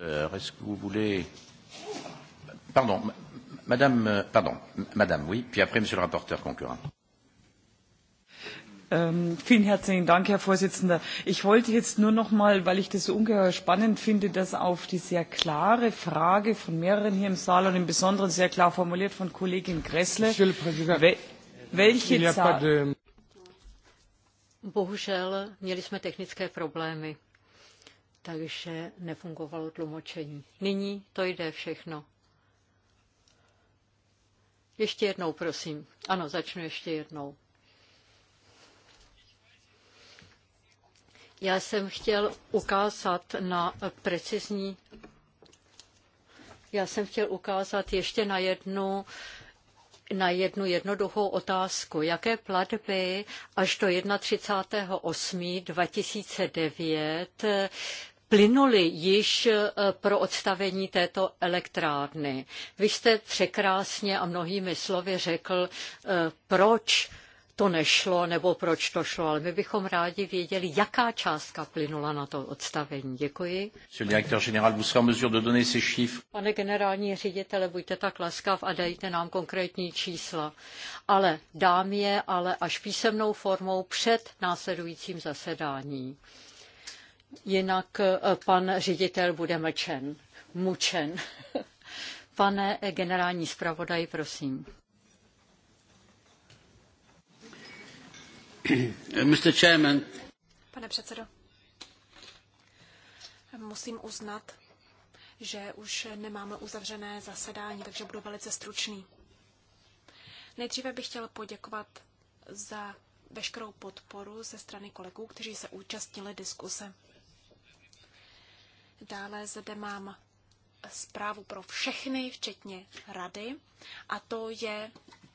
Est-ce que vous voulez... Pardon, madame, euh, pardon, madame, oui, puis après, monsieur le rapporteur concurrent. Ähm, vielen herzlichen Dank, Herr Vorsitzender. Ich wollte jetzt nur noch mal, weil ich das so ungeheuer spannend finde, dass auf die sehr klare Frage von mehreren hier im Saal und im Besonderen sehr klar formuliert von Kollegin Gressle, wel welche Zahl... Bohužel, měli jsme technické problémy takže nefungovalo tlumočení. Nyní to jde všechno. Ještě jednou, prosím. Ano, začnu ještě jednou. Já jsem chtěl ukázat na precizní. Já jsem chtěl ukázat ještě na jednu uh, na jednu jednoduchou otázku. Jaké platby až do 31.8.2009 plynuly již eh, pro odstavení této elektrárny. Vy jste překrásně a mnohými slovy řekl, eh, proč to nešlo nebo proč to šlo, ale my bychom rádi věděli, jaká částka plynula na to odstavení. Děkuji. Pane generální ředitele, buďte tak laskav a dejte nám konkrétní čísla. Ale dám je ale až písemnou formou před následujícím zasedání. Jinak eh, pan ředitel bude mlčen, mučen. Pane generální zpravodaj, prosím. Pane předsedo, musím uznat, že už nemáme uzavřené zasedání, takže budu velice stručný. Nejdříve bych chtěl poděkovat za veškerou podporu ze strany kolegů, kteří se účastnili diskuse. Dále zde mám zprávu pro všechny, včetně rady, a to je,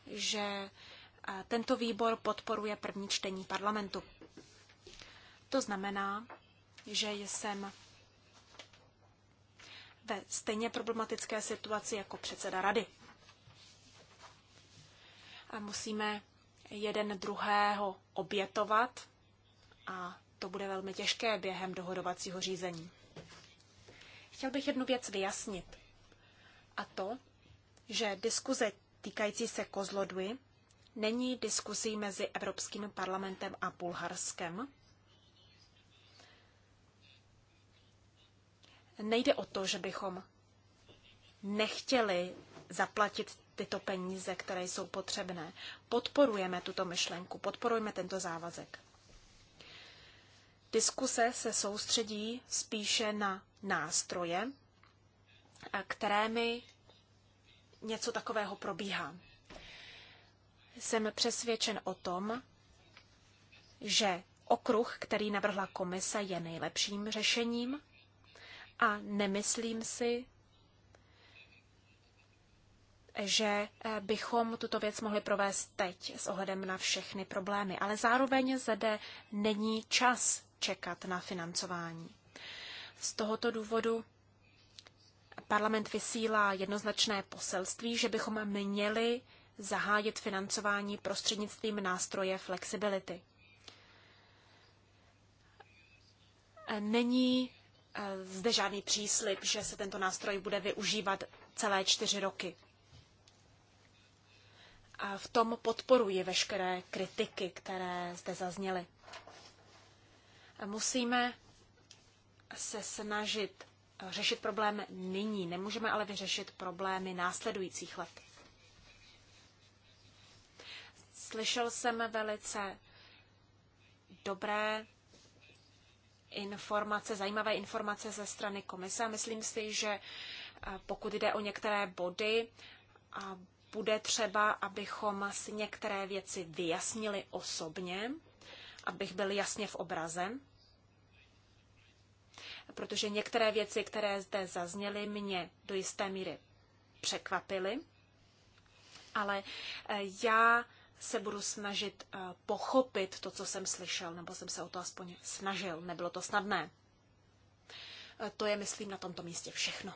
že tento výbor podporuje první čtení parlamentu. To znamená, že jsem ve stejně problematické situaci jako předseda rady. A musíme jeden druhého obětovat a to bude velmi těžké během dohodovacího řízení. Chtěl bych jednu věc vyjasnit. A to, že diskuze týkající se kozlodvy není diskuzí mezi Evropským parlamentem a Bulharskem. Nejde o to, že bychom nechtěli zaplatit tyto peníze, které jsou potřebné. Podporujeme tuto myšlenku, podporujeme tento závazek. Diskuse se soustředí spíše na nástroje, kterými něco takového probíhá jsem přesvědčen o tom, že okruh, který navrhla komise, je nejlepším řešením a nemyslím si, že eh, bychom tuto věc mohli provést teď s ohledem na všechny problémy. Ale zároveň zde není čas čekat na financování. Z tohoto důvodu parlament vysílá jednoznačné poselství, že bychom měli zahájit financování prostřednictvím nástroje flexibility. Není eh, zde žádný příslip, že se tento nástroj bude využívat celé čtyři roky. A v tom podporuji veškeré kritiky, které zde zazněly. Musíme se snažit řešit problém nyní, nemůžeme ale vyřešit problémy následujících let. Slyšel jsem velice dobré informace, zajímavé informace ze strany komise a myslím si, že eh, pokud jde o některé body, a bude třeba, abychom si některé věci vyjasnili osobně, abych byl jasně v obraze, protože některé věci, které zde zazněly, mě do jisté míry překvapily, ale eh, já se budu snažit eh, pochopit to, co jsem slyšel, nebo jsem se o to aspoň snažil. Nebylo to snadné. Eh, to je, myslím, na tomto místě všechno.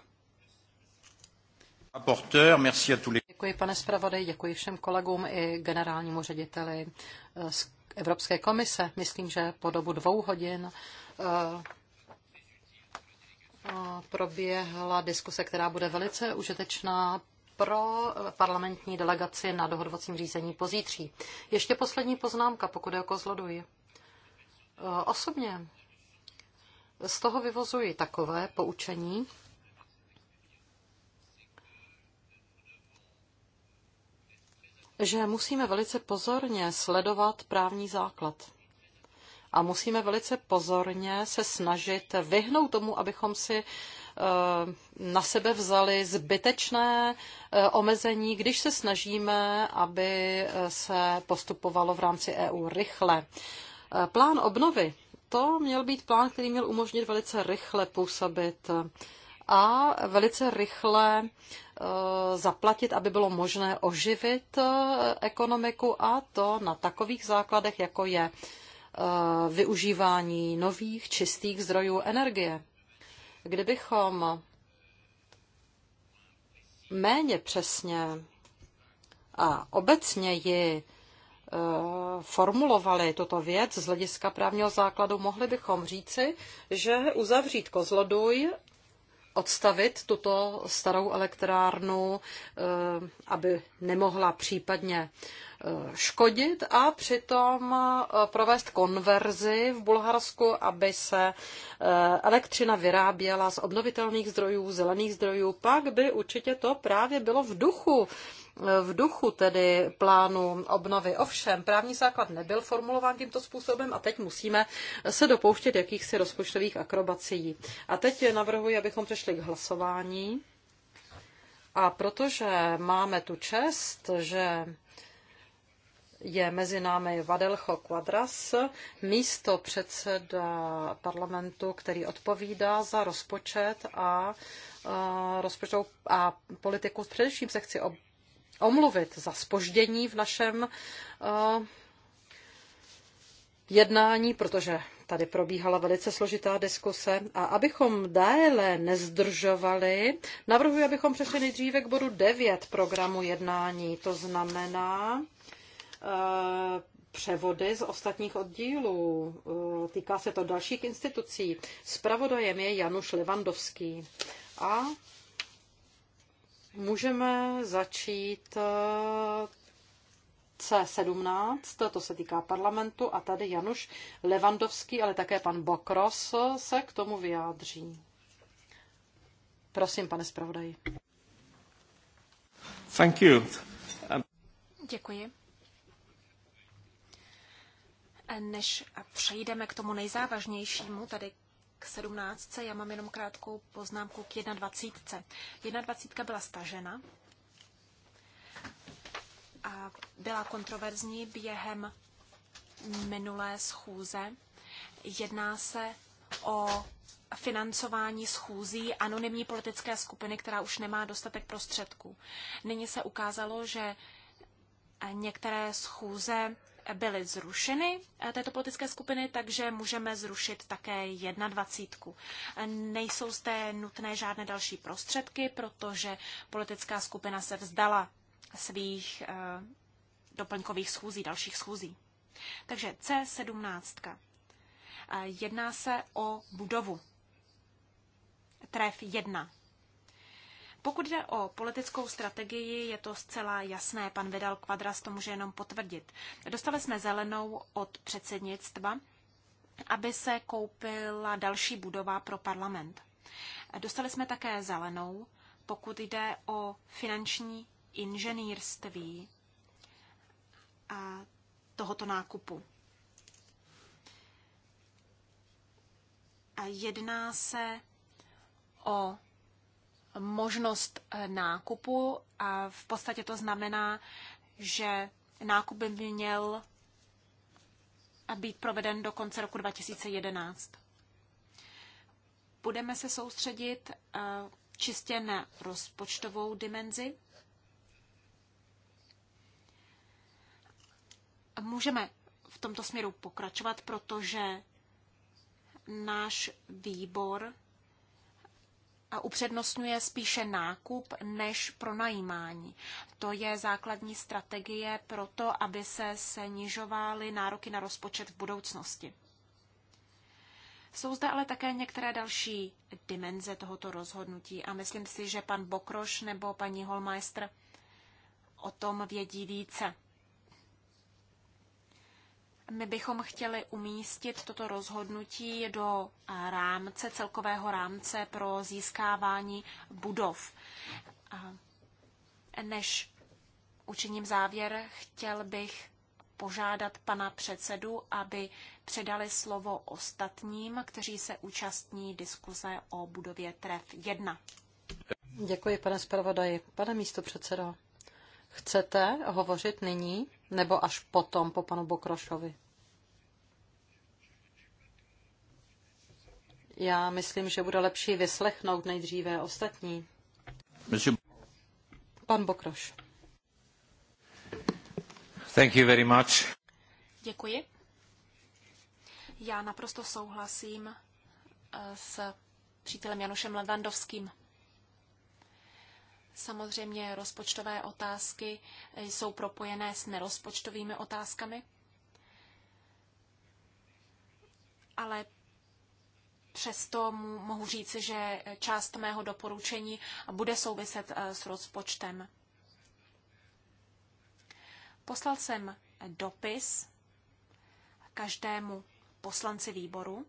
Děkuji, pane zpravodaj, děkuji všem kolegům i generálnímu řediteli eh, z Evropské komise. Myslím, že po dobu dvou hodin proběhla diskuse, která bude velice užitečná pro parlamentní delegaci na dohodovacím řízení pozítří. Ještě poslední poznámka, pokud je o Kozloduj. Eh, osobně z toho vyvozuji takové poučení, že musíme velice pozorně sledovat právní základ. A musíme velice pozorně se snažit vyhnout tomu, abychom si Eh, na sebe vzali zbytečné eh, omezení, když se snažíme, aby eh, se postupovalo v rámci EU rychle. Plán obnovy, to měl být plán, který měl umožnit velice rychle působit a velice rychle zaplatit, aby bylo možné oživit ekonomiku a to na takových základech, jako je využívání nových čistých zdrojů energie. Kdybychom méně přesně a obecněji eh, formulovali tuto věc z hlediska právního základu, mohli bychom říci, že uzavřít kozloduj odstavit tuto starou elektrárnu, eh, aby nemohla případně eh, škodit a přitom eh, provést konverzi v Bulharsku, aby se elektřina vyráběla z obnovitelných zdrojů, zelených zdrojů, pak by určitě to právě bylo v duchu v duchu tedy plánu obnovy. Ovšem, právní základ nebyl formulován tímto způsobem a teď musíme se dopouštět jakýchsi rozpočtových akrobací. A teď navrhuji, abychom přešli k hlasování. A protože máme tu čest, že je mezi námi Vadelcho Quadras, místo předseda parlamentu, který odpovídá za rozpočet a, a rozpočtovou a politiku. Především se chci ob omluvit za spoždění v našem eh, jednání, protože tady probíhala velice složitá diskuse. A abychom déle nezdržovali, navrhuji, abychom přešli nejdříve k bodu 9 programu jednání. To znamená e, převody z ostatních oddílů. E, týká se to dalších institucí. Spravodajem je Januš Levandovský. A Můžeme začít eh, C17, to se týká parlamentu, a tady Januš Levandovský, ale také pan Bokros se k tomu vyjádří. Prosím, pane zpravodaji. Thank you. Um, Děkuji. Než přejdeme k tomu nejzávažnějšímu, tady k 17. Já mám jenom krátkou poznámku k 21. 21. byla stažena a byla kontroverzní během minulé schůze. Jedná se o financování schůzí anonymní politické skupiny, která už nemá dostatek prostředků. Nyní se ukázalo, že některé schůze byly zrušeny eh, této politické skupiny, takže můžeme zrušit také 21. Eh, Nejsou zde nutné žádné další prostředky, protože politická skupina se vzdala svých eh, doplňkových schůzí, dalších schůzí. Takže C17. Jedná se o budovu. Tref 1. Pokud jde o politickou strategii, je to zcela jasné. Pan Vidal Quadras to může jenom potvrdit. Dostali jsme zelenou od předsednictva, aby se koupila další budova pro parlament. Dostali jsme také zelenou, pokud jde o finanční inženýrství a tohoto nákupu. A jedná se o možnost eh, nákupu a v podstatě to znamená, že nákup by měl být proveden do konce roku 2011. Budeme se soustředit eh, čistě na rozpočtovou dimenzi. Můžeme v tomto směru pokračovat, protože náš výbor a upřednostňuje spíše nákup než pronajímání. To je základní strategie pro to, aby se snižovaly nároky na rozpočet v budoucnosti. Jsou zde ale také některé další dimenze tohoto rozhodnutí a myslím si, že pan Bokroš nebo paní Holmeister o tom vědí více. My bychom chtěli umístit toto rozhodnutí do rámce, celkového rámce pro získávání budov. Než učiním závěr, chtěl bych požádat pana předsedu, aby předali slovo ostatním, kteří se účastní diskuze o budově TREF 1. Děkuji, pane zpravodaji. Pane místo předsedo, chcete hovořit nyní? nebo až potom po panu Bokrošovi? Já myslím, že bude lepší vyslechnout nejdříve ostatní. Pan Bokroš. Thank you very much. Děkuji. Já naprosto souhlasím eh, s přítelem Janušem Levandovským. Samozřejmě rozpočtové otázky eh, jsou propojené s nerozpočtovými otázkami, ale přesto mohu říci, že část mého doporučení bude souviset eh, s rozpočtem. Poslal jsem dopis každému poslanci výboru.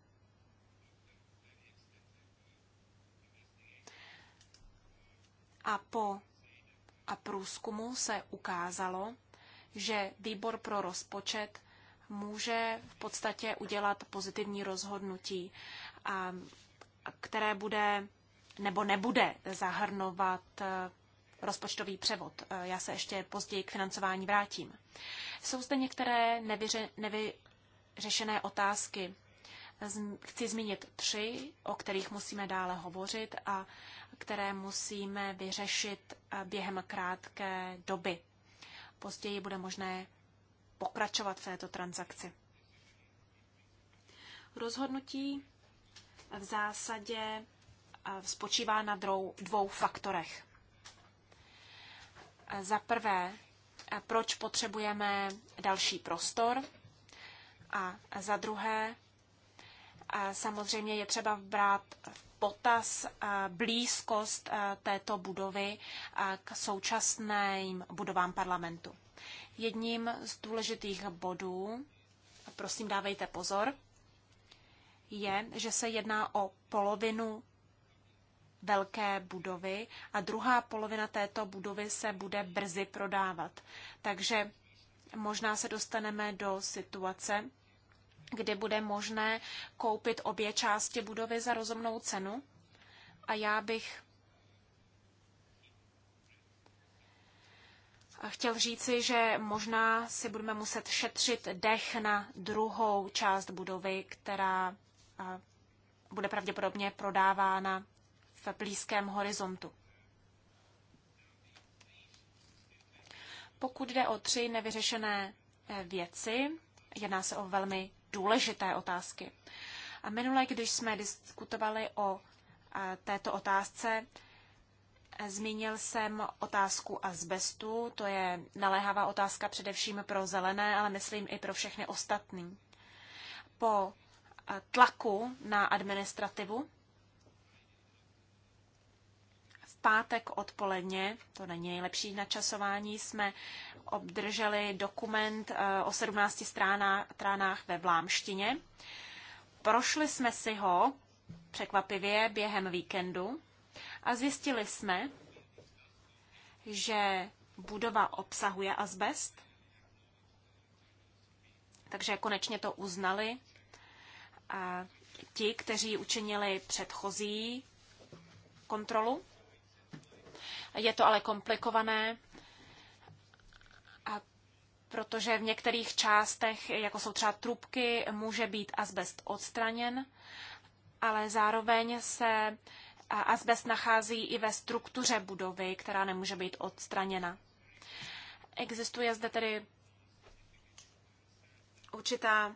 a po a průzkumu se ukázalo, že výbor pro rozpočet může v podstatě udělat pozitivní rozhodnutí, a, které bude nebo nebude zahrnovat e, rozpočtový převod. E, já se ještě později k financování vrátím. Jsou zde některé nevyře, nevyřešené otázky. Chci zmínit tři, o kterých musíme dále hovořit a které musíme vyřešit eh, během krátké doby. Později bude možné pokračovat v této transakci. Rozhodnutí v zásadě eh, spočívá na dvou faktorech. Eh, za prvé, proč potřebujeme další prostor a za druhé, samozřejmě je třeba brát v potaz eh, blízkost eh, této budovy eh, k současným budovám parlamentu. Jedním z důležitých bodů, prosím dávejte pozor, je, že se jedná o polovinu velké budovy a druhá polovina této budovy se bude brzy prodávat. Takže možná se dostaneme do situace, kdy bude možné koupit obě části budovy za rozumnou cenu. A já bych chtěl říci, že možná si budeme muset šetřit dech na druhou část budovy, která bude pravděpodobně prodávána v blízkém horizontu. Pokud jde o tři nevyřešené e, věci, jedná se o velmi důležité otázky. A minule, když jsme diskutovali o této otázce, Zmínil jsem otázku azbestu, to je naléhavá otázka především pro zelené, ale myslím i pro všechny ostatní. Po tlaku na administrativu pátek odpoledně, to není nejlepší načasování, jsme obdrželi dokument eh, o 17 stránách, ve vlámštině. Prošli jsme si ho překvapivě během víkendu a zjistili jsme, že budova obsahuje azbest, takže konečně to uznali a eh, ti, kteří učinili předchozí kontrolu. Je to ale komplikované, a protože v některých částech, jako jsou třeba trubky, může být asbest odstraněn, ale zároveň se asbest nachází i ve struktuře budovy, která nemůže být odstraněna. Existuje zde tedy určitá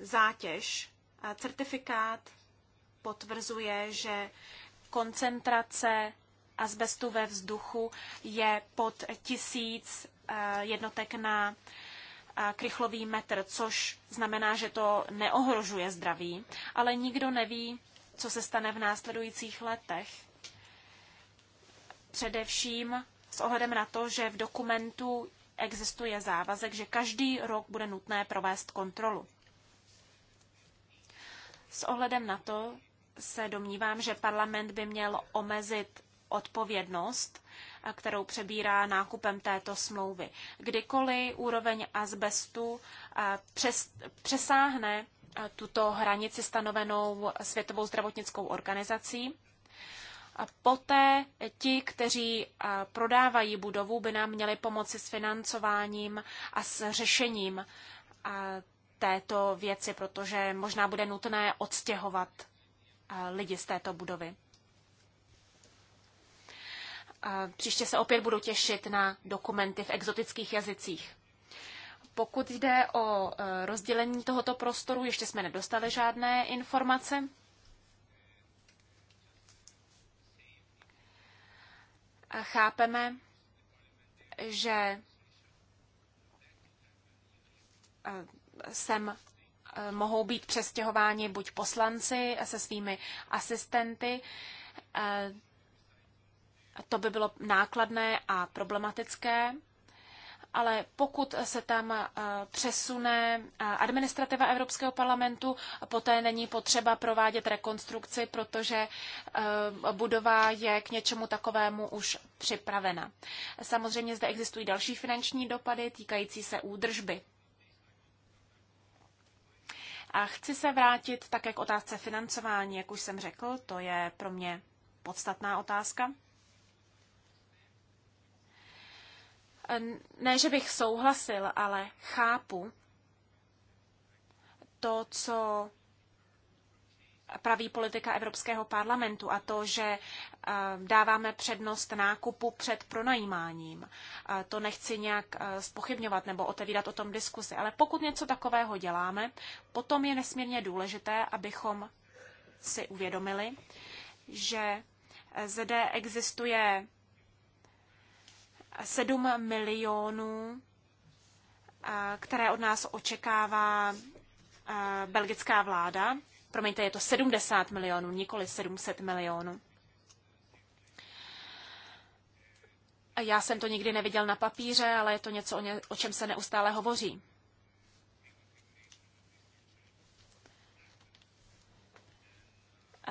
zátěž. Certifikát potvrzuje, že koncentrace asbestu ve vzduchu je pod tisíc eh, jednotek na eh, krychlový metr, což znamená, že to neohrožuje zdraví, ale nikdo neví, co se stane v následujících letech. Především s ohledem na to, že v dokumentu existuje závazek, že každý rok bude nutné provést kontrolu. S ohledem na to se domnívám, že parlament by měl omezit odpovědnost, kterou přebírá nákupem této smlouvy. Kdykoliv úroveň azbestu eh, přes, přesáhne eh, tuto hranici stanovenou Světovou zdravotnickou organizací, a poté ti, kteří eh, prodávají budovu, by nám měli pomoci s financováním a s řešením této věci, protože možná bude nutné odstěhovat lidi z této budovy. Příště se opět budu těšit na dokumenty v exotických jazycích. Pokud jde o e, rozdělení tohoto prostoru, ještě jsme nedostali žádné informace. A chápeme, že e, sem e, mohou být přestěhováni buď poslanci se svými asistenty, to by bylo nákladné a problematické, ale pokud se tam eh, přesune eh, administrativa Evropského parlamentu, poté není potřeba provádět rekonstrukci, protože eh, budova je k něčemu takovému už připravena. Samozřejmě zde existují další finanční dopady týkající se údržby. A chci se vrátit také k otázce financování, jak už jsem řekl, to je pro mě podstatná otázka. ne, že bych souhlasil, ale chápu to, co praví politika Evropského parlamentu a to, že eh, dáváme přednost nákupu před pronajímáním. Eh, to nechci nějak spochybňovat eh, nebo otevírat o tom diskusi, ale pokud něco takového děláme, potom je nesmírně důležité, abychom si uvědomili, že zde existuje 7 milionů, které od nás očekává belgická vláda. Promiňte, je to 70 milionů, nikoli 700 milionů. Já jsem to nikdy neviděl na papíře, ale je to něco, o, ně, o čem se neustále hovoří.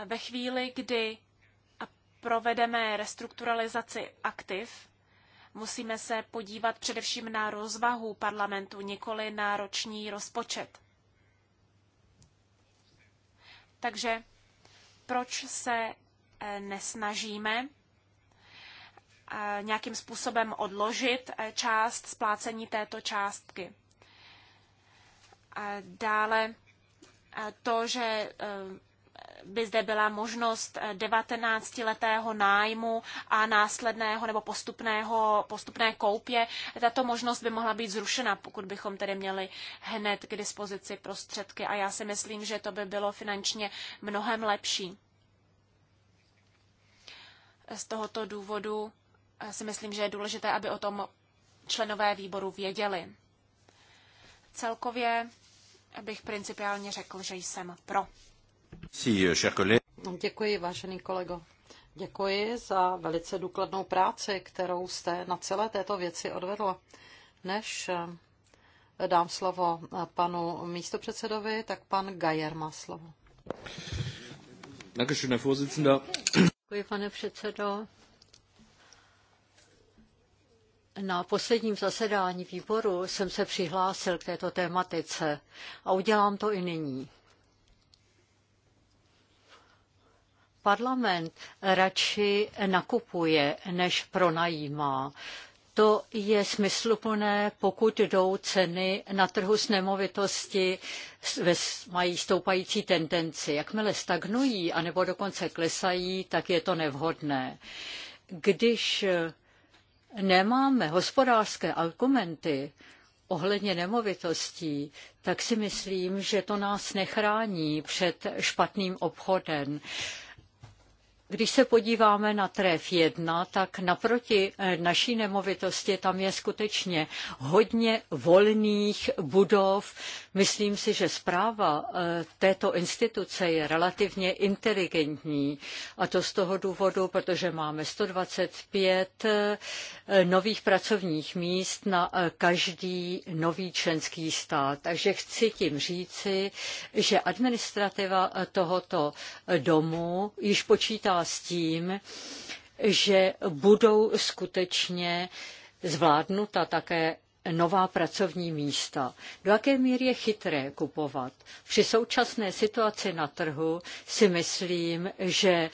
Ve chvíli, kdy provedeme restrukturalizaci aktiv, Musíme se podívat především na rozvahu parlamentu, nikoli na roční rozpočet. Takže proč se eh, nesnažíme eh, nějakým způsobem odložit eh, část splácení této částky? Dále to, že by zde byla možnost 19-letého nájmu a následného nebo postupného, postupné koupě. Tato možnost by mohla být zrušena, pokud bychom tedy měli hned k dispozici prostředky a já si myslím, že to by bylo finančně mnohem lepší. Z tohoto důvodu si myslím, že je důležité, aby o tom členové výboru věděli. Celkově bych principiálně řekl, že jsem pro. Eh, no, děkuji, vážený kolego. Děkuji za velice důkladnou práci, kterou jste na celé této věci odvedl. Než eh, dám slovo eh, panu místopředsedovi, tak pan Gajer má slovo. Děkuji, pane předsedo. Na posledním zasedání výboru jsem se přihlásil k této tématice a udělám to i nyní. parlament radši nakupuje, než pronajímá. To je smysluplné, pokud jdou ceny na trhu s nemovitosti, mají stoupající tendenci. Jakmile stagnují, anebo dokonce klesají, tak je to nevhodné. Když eh, nemáme hospodářské argumenty ohledně nemovitostí, tak si myslím, že to nás nechrání před špatným obchodem. Když se podíváme na TREF 1, tak naproti eh, naší nemovitosti tam je skutečně hodně volných budov, Myslím si, že zpráva eh, této instituce je relativně inteligentní a to z toho důvodu, protože máme 125 eh, nových pracovních míst na eh, každý nový členský stát. Takže chci tím říci, že administrativa tohoto domu již počítá s tím, že budou skutečně zvládnuta také nová pracovní místa. Do jaké míry je chytré kupovat? Při současné situaci na trhu si myslím, že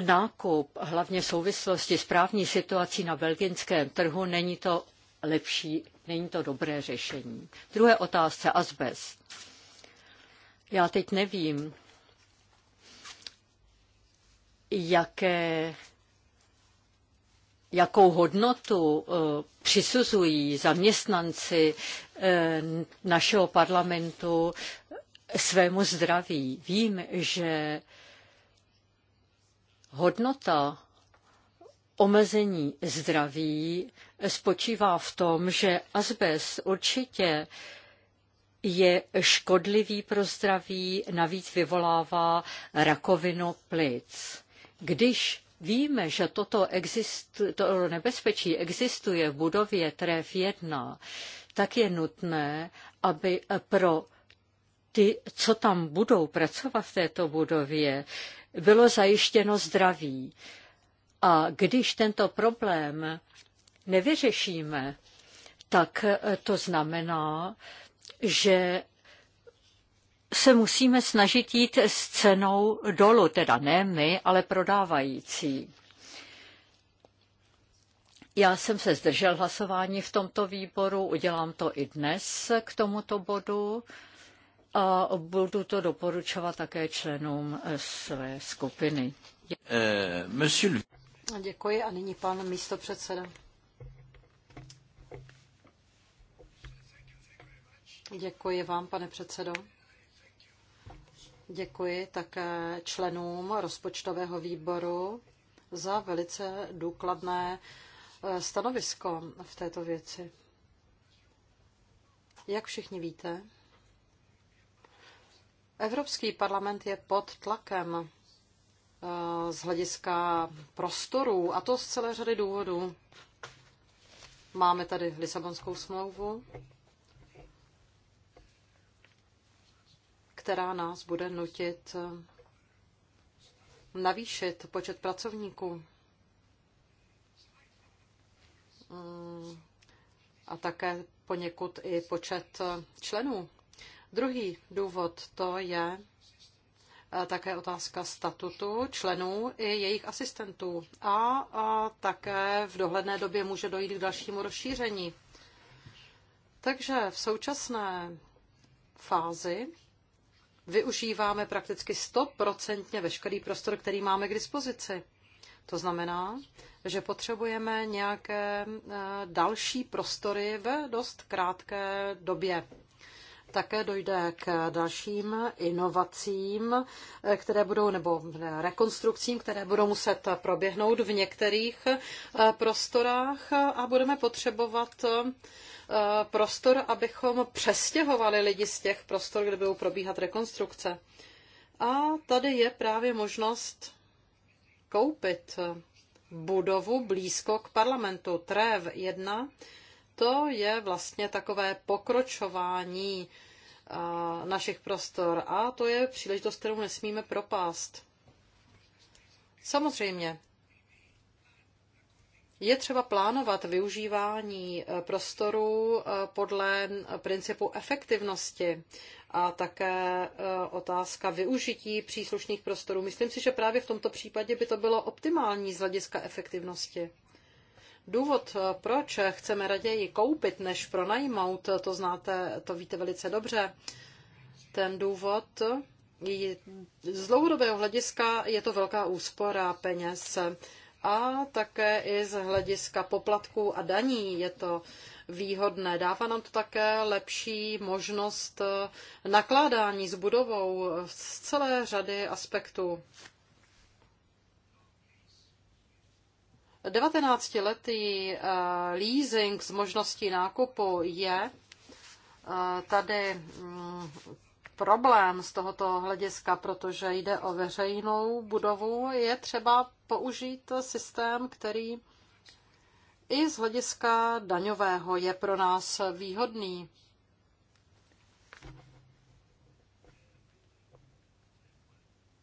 nákup, hlavně v souvislosti s právní situací na belgickém trhu, není to lepší, není to dobré řešení. Druhé otázce, asbest. Já teď nevím, jaké jakou hodnotu eh, přisuzují zaměstnanci eh, našeho parlamentu svému zdraví. Vím, že hodnota omezení zdraví spočívá v tom, že asbest určitě je škodlivý pro zdraví, navíc vyvolává rakovinu plic. Když Víme, že toto, exist, nebezpečí existuje v budově TREF 1, tak je nutné, aby pro ty, co tam budou pracovat v této budově, bylo zajištěno zdraví. A když tento problém nevyřešíme, tak to znamená, že se musíme snažit jít s cenou dolů, teda ne my, ale prodávající. Já jsem se zdržel hlasování v tomto výboru, udělám to i dnes k tomuto bodu a budu to doporučovat také členům své skupiny. Děkuji, eh, Děkuji a nyní pan předseda. Děkuji vám, pane předsedo. Děkuji také členům rozpočtového výboru za velice důkladné eh, stanovisko v této věci. Jak všichni víte, Evropský parlament je pod tlakem eh, z hlediska prostorů, a to z celé řady důvodů. Máme tady Lisabonskou smlouvu, která nás bude nutit eh, navýšit počet pracovníků mm, a také poněkud i počet eh, členů. Druhý důvod to je eh, také otázka statutu členů i jejich asistentů. A, a také v dohledné době může dojít k dalšímu rozšíření. Takže v současné fázi využíváme prakticky stoprocentně veškerý prostor, který máme k dispozici. To znamená, že potřebujeme nějaké eh, další prostory v dost krátké době také dojde k dalším inovacím, eh, které budou, nebo rekonstrukcím, které budou muset proběhnout v některých eh, prostorách a budeme potřebovat eh, prostor, abychom přestěhovali lidi z těch prostor, kde budou probíhat rekonstrukce. A tady je právě možnost koupit budovu blízko k parlamentu TREV 1, to je vlastně takové pokročování našich prostor a to je příležitost, kterou nesmíme propást. Samozřejmě, je třeba plánovat využívání e, prostoru e, podle principu efektivnosti a také e, otázka využití příslušných prostorů. Myslím si, že právě v tomto případě by to bylo optimální z hlediska efektivnosti. Důvod, eh, proč chceme raději koupit, než pronajmout, eh, to znáte, to víte velice dobře. Ten důvod z dlouhodobého hlediska je to velká úspora peněz a také i z hlediska poplatků a daní je to výhodné. Dává nám to také lepší možnost eh, nakládání s budovou z celé řady aspektů. 19-letý eh, leasing s možností nákupu je eh, tady mm, problém z tohoto hlediska, protože jde o veřejnou budovu. Je třeba použít systém, který i z hlediska daňového je pro nás výhodný.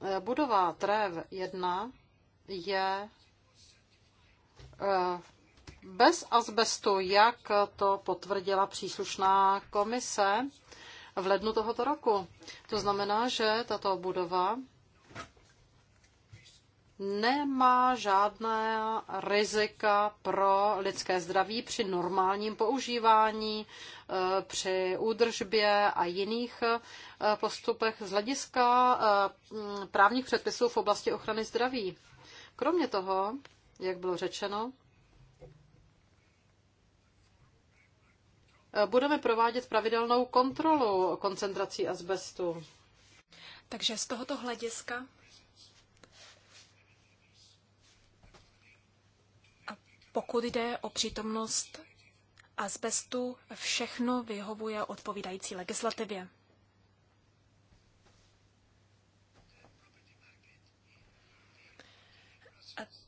Eh, budova TREV 1 je Eh, bez azbestu, jak to potvrdila příslušná komise v lednu tohoto roku. To znamená, že tato budova nemá žádné rizika pro lidské zdraví při normálním používání, eh, při údržbě a jiných eh, postupech z hlediska právních předpisů v oblasti ochrany zdraví. Kromě toho jak bylo řečeno. Budeme provádět pravidelnou kontrolu koncentrací asbestu. Takže z tohoto hlediska pokud jde o přítomnost asbestu, všechno vyhovuje odpovídající legislativě.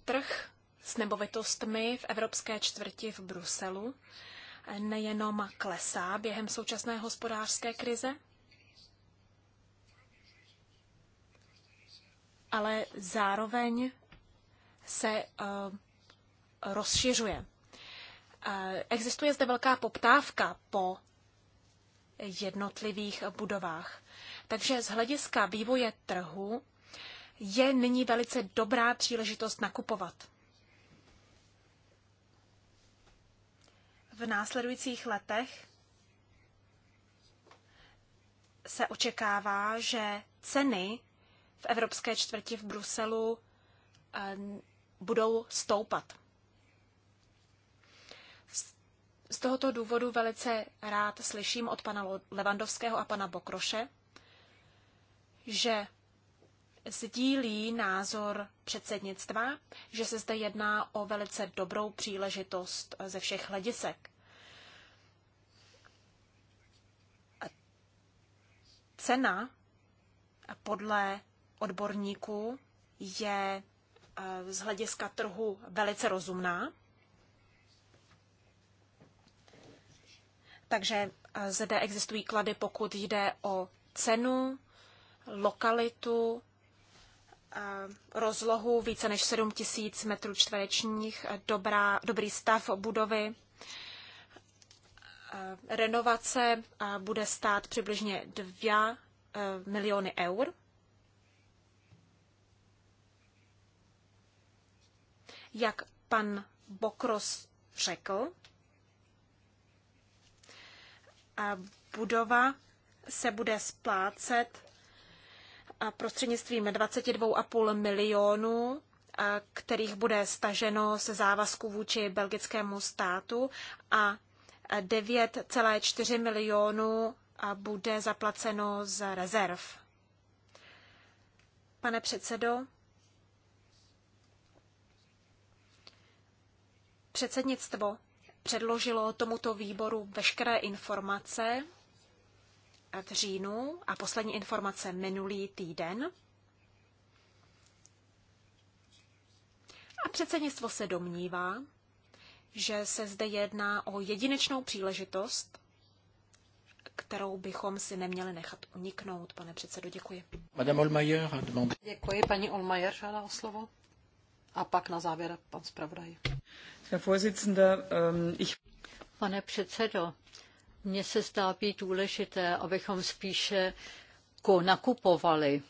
Trh s nemovitostmi v Evropské čtvrti v Bruselu nejenom klesá během současné hospodářské krize, ale zároveň se uh, rozšiřuje. Uh, existuje zde velká poptávka po jednotlivých budovách. Takže z hlediska vývoje trhu je nyní velice dobrá příležitost nakupovat. v následujících letech se očekává, že ceny v Evropské čtvrti v Bruselu eh, budou stoupat. Z tohoto důvodu velice rád slyším od pana Levandovského a pana Bokroše, že sdílí názor předsednictva, že se zde jedná o velice dobrou příležitost ze všech hledisek. Cena podle odborníků je eh, z hlediska trhu velice rozumná. Takže eh, zde existují klady, pokud jde o cenu, lokalitu, Eh, rozlohu více než 7 tisíc metrů čtverečních, eh, dobrá, dobrý stav budovy. Eh, renovace bude stát přibližně 2 miliony eur. Jak pan Bokros řekl, budova se bude splácet prostřednictvím 22,5 milionů, kterých bude staženo se závazku vůči belgickému státu a 9,4 milionů bude zaplaceno z rezerv. Pane předsedo, předsednictvo předložilo tomuto výboru veškeré informace, v říjnu a poslední informace minulý týden. A předsednictvo se domnívá, že se zde jedná o jedinečnou příležitost, kterou bychom si neměli nechat uniknout. Pane předsedo, děkuji. Madame Olmayer Děkuji, paní Olmayer žádá o slovo. A pak na závěr pan zpravodaj. Ähm, Pane předsedo, mně se zdá být důležité, abychom spíše ko nakupovali,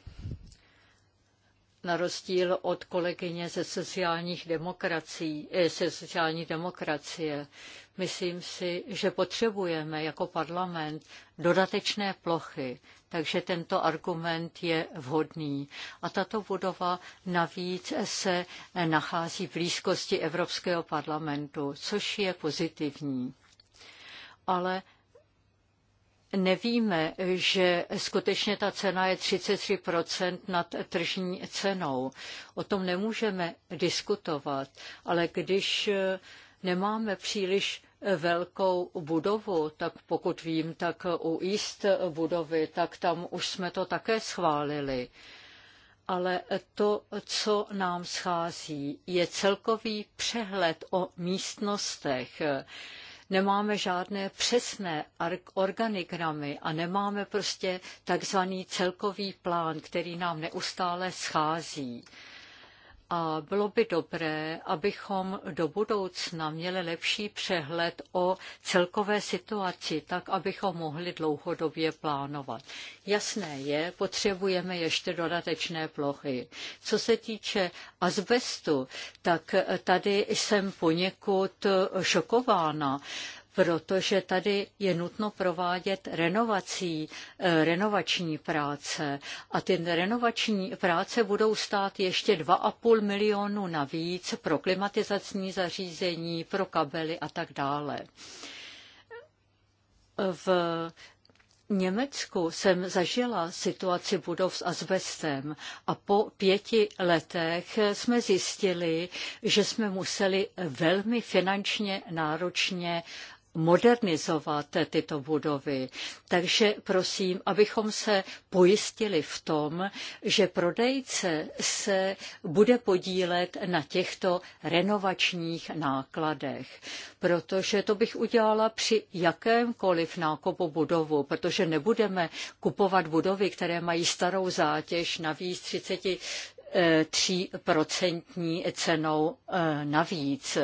na rozdíl od kolegyně ze sociálních demokracií, eh, ze sociální demokracie. Myslím si, že potřebujeme jako parlament dodatečné plochy, takže tento argument je vhodný. A tato budova navíc se eh, nachází v blízkosti Evropského parlamentu, což je pozitivní. Ale nevíme, že skutečně ta cena je 33% nad tržní cenou. O tom nemůžeme diskutovat, ale když eh, nemáme příliš eh, velkou budovu, tak pokud vím, tak eh, u East budovy, tak tam už jsme to také schválili. Ale to, co nám schází, je celkový přehled o místnostech nemáme žádné přesné organigramy a nemáme prostě takzvaný celkový plán, který nám neustále schází a bylo by dobré, abychom do budoucna měli lepší přehled o celkové situaci, tak abychom mohli dlouhodobě plánovat. Jasné je, potřebujeme ještě dodatečné plochy. Co se týče azbestu, tak tady jsem poněkud šokována protože tady je nutno provádět renovací, eh, renovační práce. A ty renovační práce budou stát ještě 2,5 milionu navíc pro klimatizační zařízení, pro kabely a tak dále. V Německu jsem zažila situaci budov s asbestem a po pěti letech jsme zjistili, že jsme museli velmi finančně náročně modernizovat tyto budovy. Takže prosím, abychom se pojistili v tom, že prodejce se bude podílet na těchto renovačních nákladech. Protože to bych udělala při jakémkoliv nákupu budovu, protože nebudeme kupovat budovy, které mají starou zátěž navíc 30 tříprocentní cenou e, navíc.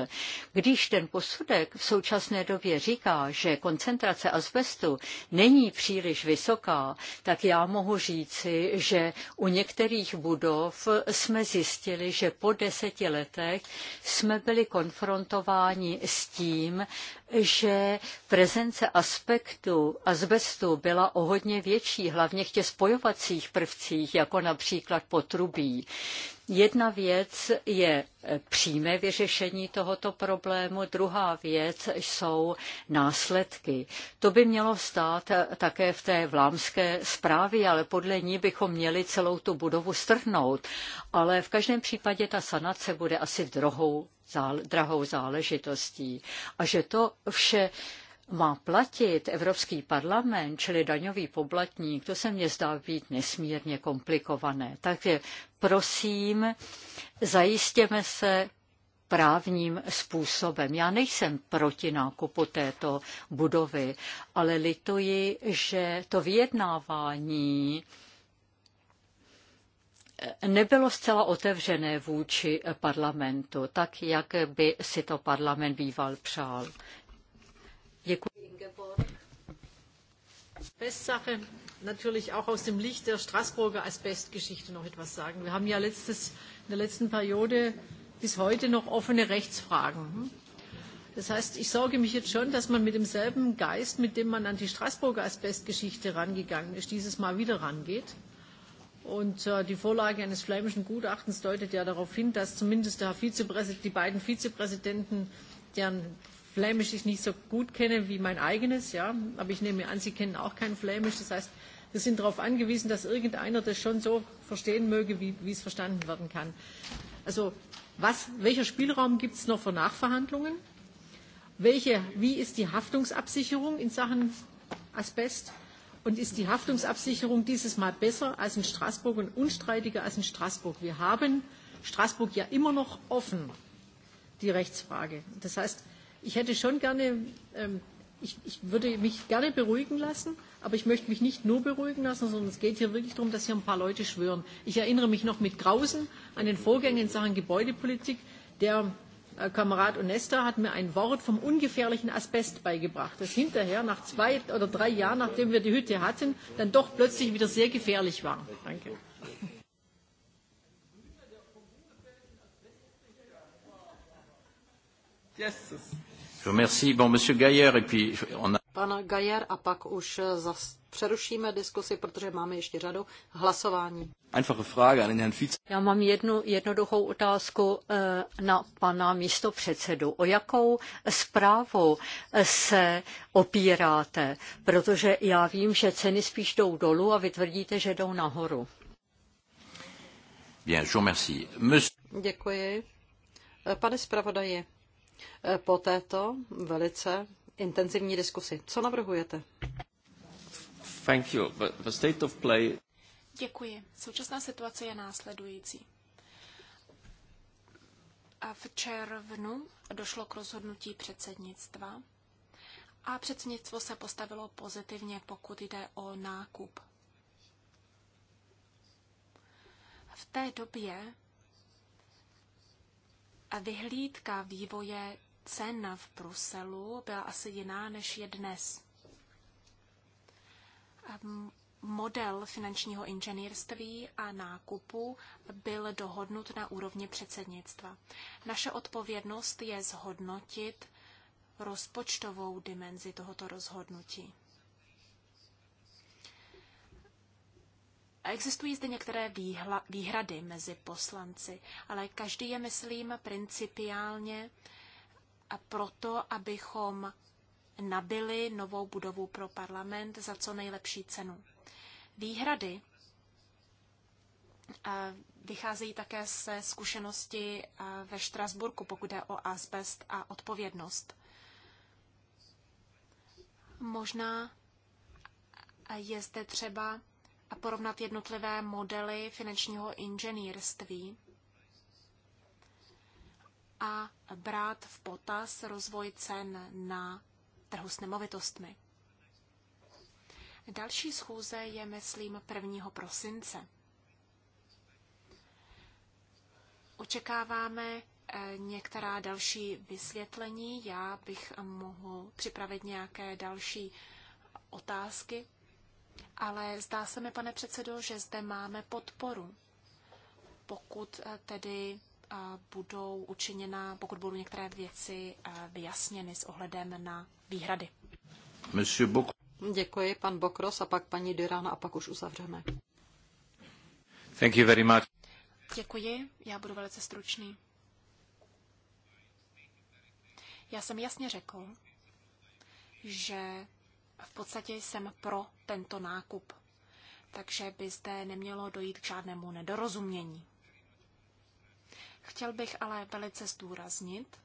Když ten posudek v současné době říká, že koncentrace azbestu není příliš vysoká, tak já mohu říci, že u některých budov jsme zjistili, že po deseti letech jsme byli konfrontováni s tím, že prezence aspektu azbestu byla o hodně větší, hlavně v těch spojovacích prvcích, jako například potrubí. Jedna věc je přímé vyřešení tohoto problému, druhá věc jsou následky. To by mělo stát také v té vlámské zprávě, ale podle ní bychom měli celou tu budovu strhnout. Ale v každém případě ta sanace bude asi drahou drahou záležitostí. A že to vše má platit Evropský parlament, čili daňový poplatník, to se mně zdá být nesmírně komplikované. Takže prosím, zajistěme se právním způsobem. Já nejsem proti nákupu této budovy, ale lituji, že to vyjednávání nebylo zcela otevřené vůči parlamentu, tak jak by si to parlament býval přál. Děkuji. Bestsache natürlich auch aus dem Licht der Straßburger Asbestgeschichte noch etwas sagen. Wir haben ja letztes, in der letzten Periode bis heute noch offene Rechtsfragen. Das heißt, ich sorge mich jetzt schon, dass man mit demselben Geist, mit dem man an die Straßburger Asbestgeschichte rangegangen ist, dieses Mal wieder rangeht Und äh, die Vorlage eines flämischen Gutachtens deutet ja darauf hin, dass zumindest der Vizepräsident, die beiden Vizepräsidenten, deren Flämisch ich nicht so gut kenne wie mein eigenes, ja, aber ich nehme an, Sie kennen auch kein Flämisch. Das heißt, wir sind darauf angewiesen, dass irgendeiner das schon so verstehen möge, wie, wie es verstanden werden kann. Also was, welcher Spielraum gibt es noch für Nachverhandlungen? Welche, wie ist die Haftungsabsicherung in Sachen Asbest? und ist die Haftungsabsicherung dieses Mal besser als in Straßburg und unstreitiger als in Straßburg. Wir haben Straßburg ja immer noch offen, die Rechtsfrage. Das heißt, ich hätte schon gerne, ähm, ich, ich würde mich gerne beruhigen lassen, aber ich möchte mich nicht nur beruhigen lassen, sondern es geht hier wirklich darum, dass hier ein paar Leute schwören. Ich erinnere mich noch mit Grausen an den Vorgängen in Sachen Gebäudepolitik, der Äh, Kamerad Onesta hat mir ein Wort vom ungefährlichen Asbest beigebracht, das hinterher nach zwei oder drei Jahren, nachdem wir die Hütte hatten, dann doch plötzlich wieder sehr gefährlich war. Danke. Yes. Je vous a... pak už zas přerušíme diskusi, protože máme ještě řadu hlasování. Já mám jednu jednoduchou otázku eh, na pana místopředsedu. O jakou zprávu se opíráte? Protože já vím, že ceny spíš jdou dolů a vy tvrdíte, že jdou nahoru. Bien, Děkuji. Eh, pane zpravodaji, eh, po této velice intenzivní diskusi, co navrhujete? Thank you. the state of play... Děkuji. Současná situace je následující. A v červnu došlo k rozhodnutí předsednictva a předsednictvo se postavilo pozitivně, pokud jde o nákup. V té době vyhlídka vývoje cen v Bruselu byla asi jiná, než je dnes model finančního inženýrství a nákupu byl dohodnut na úrovni předsednictva. Naše odpovědnost je zhodnotit rozpočtovou dimenzi tohoto rozhodnutí. Existují zde některé výhla, výhrady mezi poslanci, ale každý je, myslím, principiálně a proto, abychom nabili novou budovu pro parlament za co nejlepší cenu. Výhrady eh, vycházejí také se zkušenosti eh, ve Štrasburku, pokud jde o asbest a odpovědnost. Možná eh, je zde třeba porovnat jednotlivé modely finančního inženýrství a brát v potaz rozvoj cen na trhu s nemovitostmi. Další schůze je, myslím, 1. prosince. Očekáváme eh, některá další vysvětlení. Já bych mohl připravit nějaké další otázky, ale zdá se mi, pane předsedo, že zde máme podporu. Pokud eh, tedy budou učiněna, pokud budou některé věci eh, vyjasněny s ohledem na výhrady. Děkuji, pan Bokros a pak paní Duran a pak už uzavřeme. Thank you very much. Děkuji, já budu velice stručný. Já jsem jasně řekl, že v podstatě jsem pro tento nákup, takže by zde nemělo dojít k žádnému nedorozumění. Chtěl bych ale velice zdůraznit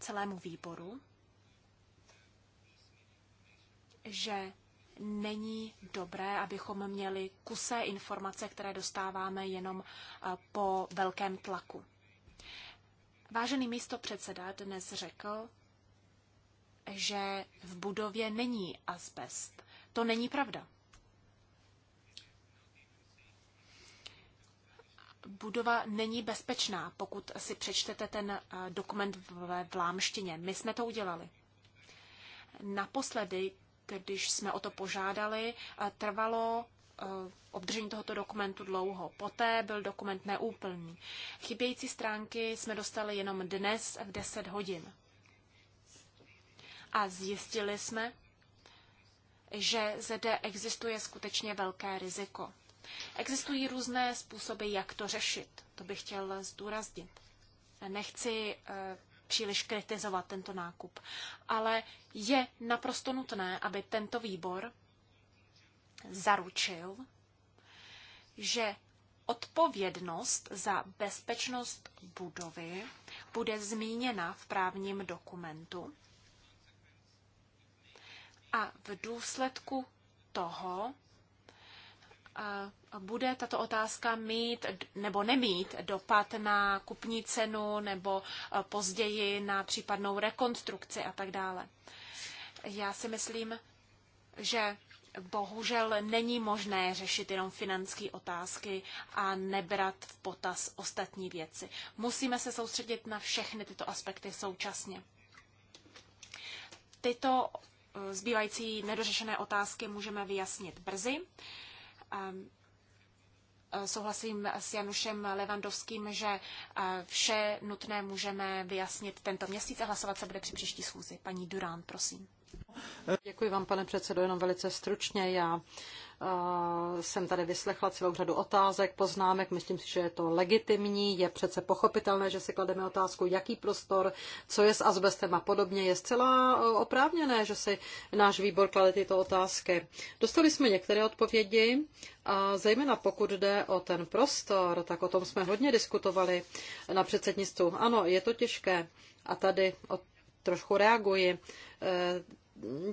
celému výboru, že není dobré, abychom měli kusé informace, které dostáváme jenom eh, po velkém tlaku. Vážený místo předseda dnes řekl, že v budově není asbest. To není pravda. budova není bezpečná, pokud si přečtete ten eh, dokument v vlámštině. My jsme to udělali. Naposledy, když jsme o to požádali, eh, trvalo eh, obdržení tohoto dokumentu dlouho. Poté byl dokument neúplný. Chybějící stránky jsme dostali jenom dnes v 10 hodin. A zjistili jsme, že zde existuje skutečně velké riziko. Existují různé způsoby, jak to řešit. To bych chtěl zdůraznit. Nechci eh, příliš kritizovat tento nákup, ale je naprosto nutné, aby tento výbor zaručil, že odpovědnost za bezpečnost budovy bude zmíněna v právním dokumentu a v důsledku toho bude tato otázka mít nebo nemít dopad na kupní cenu nebo eh, později na případnou rekonstrukci a tak dále. Já si myslím, že bohužel není možné řešit jenom finanční otázky a nebrat v potaz ostatní věci. Musíme se soustředit na všechny tyto aspekty současně. Tyto eh, zbývající nedořešené otázky můžeme vyjasnit brzy. Ehm, eh, souhlasím s Janušem Levandovským, že eh, vše nutné můžeme vyjasnit tento měsíc a hlasovat se bude při příští schůzi. Paní Durán, prosím. Děkuji vám, pane předsedo, jenom velice stručně. Já jsem tady vyslechla celou řadu otázek, poznámek, myslím si, že je to legitimní, je přece pochopitelné, že si klademe otázku, jaký prostor, co je s azbestem a podobně. Je zcela e, oprávněné, že si náš výbor klade tyto otázky. Dostali jsme některé odpovědi, a zejména pokud jde o ten prostor, tak o tom jsme hodně diskutovali na předsednictvu. Ano, je to těžké. A tady trošku reaguji. E,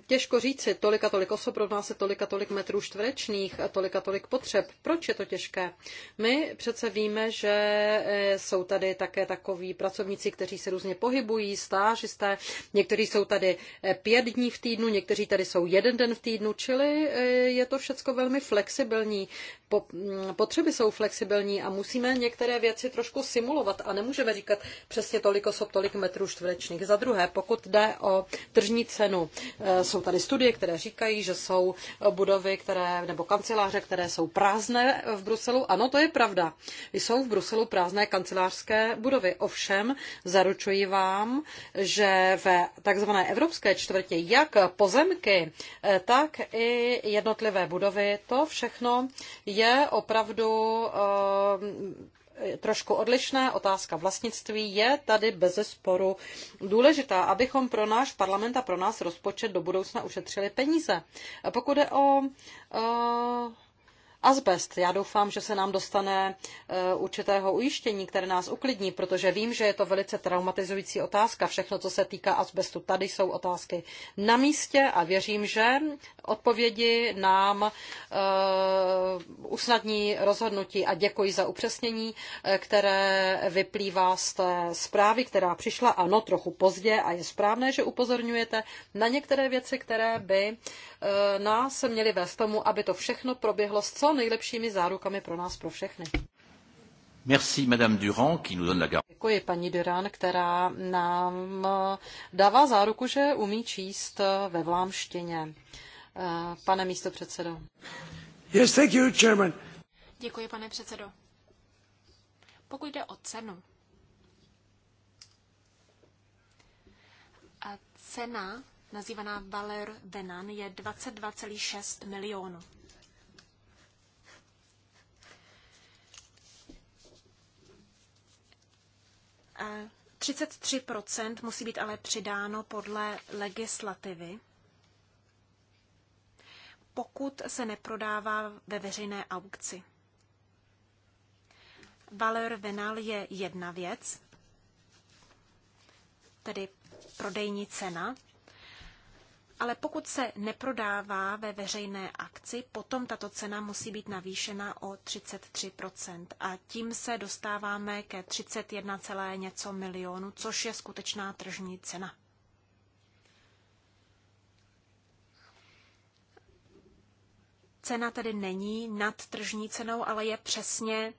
těžko říci, tolik a tolik osob rovná se tolik a tolik metrů čtverečných a tolik a tolik potřeb. Proč je to těžké? My přece víme, že e, jsou tady také takoví pracovníci, kteří se různě pohybují, stážisté, někteří jsou tady e, pět dní v týdnu, někteří tady jsou jeden den v týdnu, čili e, je to všechno velmi flexibilní. Potřeby jsou flexibilní a musíme některé věci trošku simulovat a nemůžeme říkat přesně tolik osob, tolik metrů čtverečných. Za druhé, pokud jde o tržní cenu, Eh, jsou tady studie, které říkají, že jsou budovy, které, nebo kanceláře, které jsou prázdné v Bruselu. Ano, to je pravda. Jsou v Bruselu prázdné kancelářské budovy. Ovšem, zaručuji vám, že ve takzvané evropské čtvrti, jak pozemky, eh, tak i jednotlivé budovy, to všechno je opravdu eh, trošku odlišné. Otázka vlastnictví je tady bez sporu důležitá, abychom pro náš parlament a pro nás rozpočet do budoucna ušetřili peníze. Pokud je o uh, e, Azbest. Já doufám, že se nám dostane e, určitého ujištění, které nás uklidní, protože vím, že je to velice traumatizující otázka. Všechno, co se týká azbestu, tady jsou otázky na místě a věřím, že e, odpovědi nám eh, usnadní rozhodnutí a děkuji za upřesnění, eh, které vyplývá z té zprávy, která přišla ano trochu pozdě a je správné, že upozorňujete na některé věci, které by eh, nás měly vést tomu, aby to všechno proběhlo s co nejlepšími zárukami pro nás, pro všechny. Merci, Madame Durand, qui nous donne la garantie. Děkuji, paní Durand, která nám dává záruku, že umí číst ve vlámštině. Eh, pane místo předsedo. Yes, thank you, chairman. Děkuji, pane předsedo. Pokud jde o cenu, a cena nazývaná Valer Venan je 22,6 milionů. A 33% musí být ale přidáno podle legislativy pokud se neprodává ve veřejné aukci. Valeur venal je jedna věc, tedy prodejní cena, ale pokud se neprodává ve veřejné akci, potom tato cena musí být navýšena o 33 a tím se dostáváme ke 31, něco milionu, což je skutečná tržní cena. Cena tedy není nad tržní cenou, ale je přesně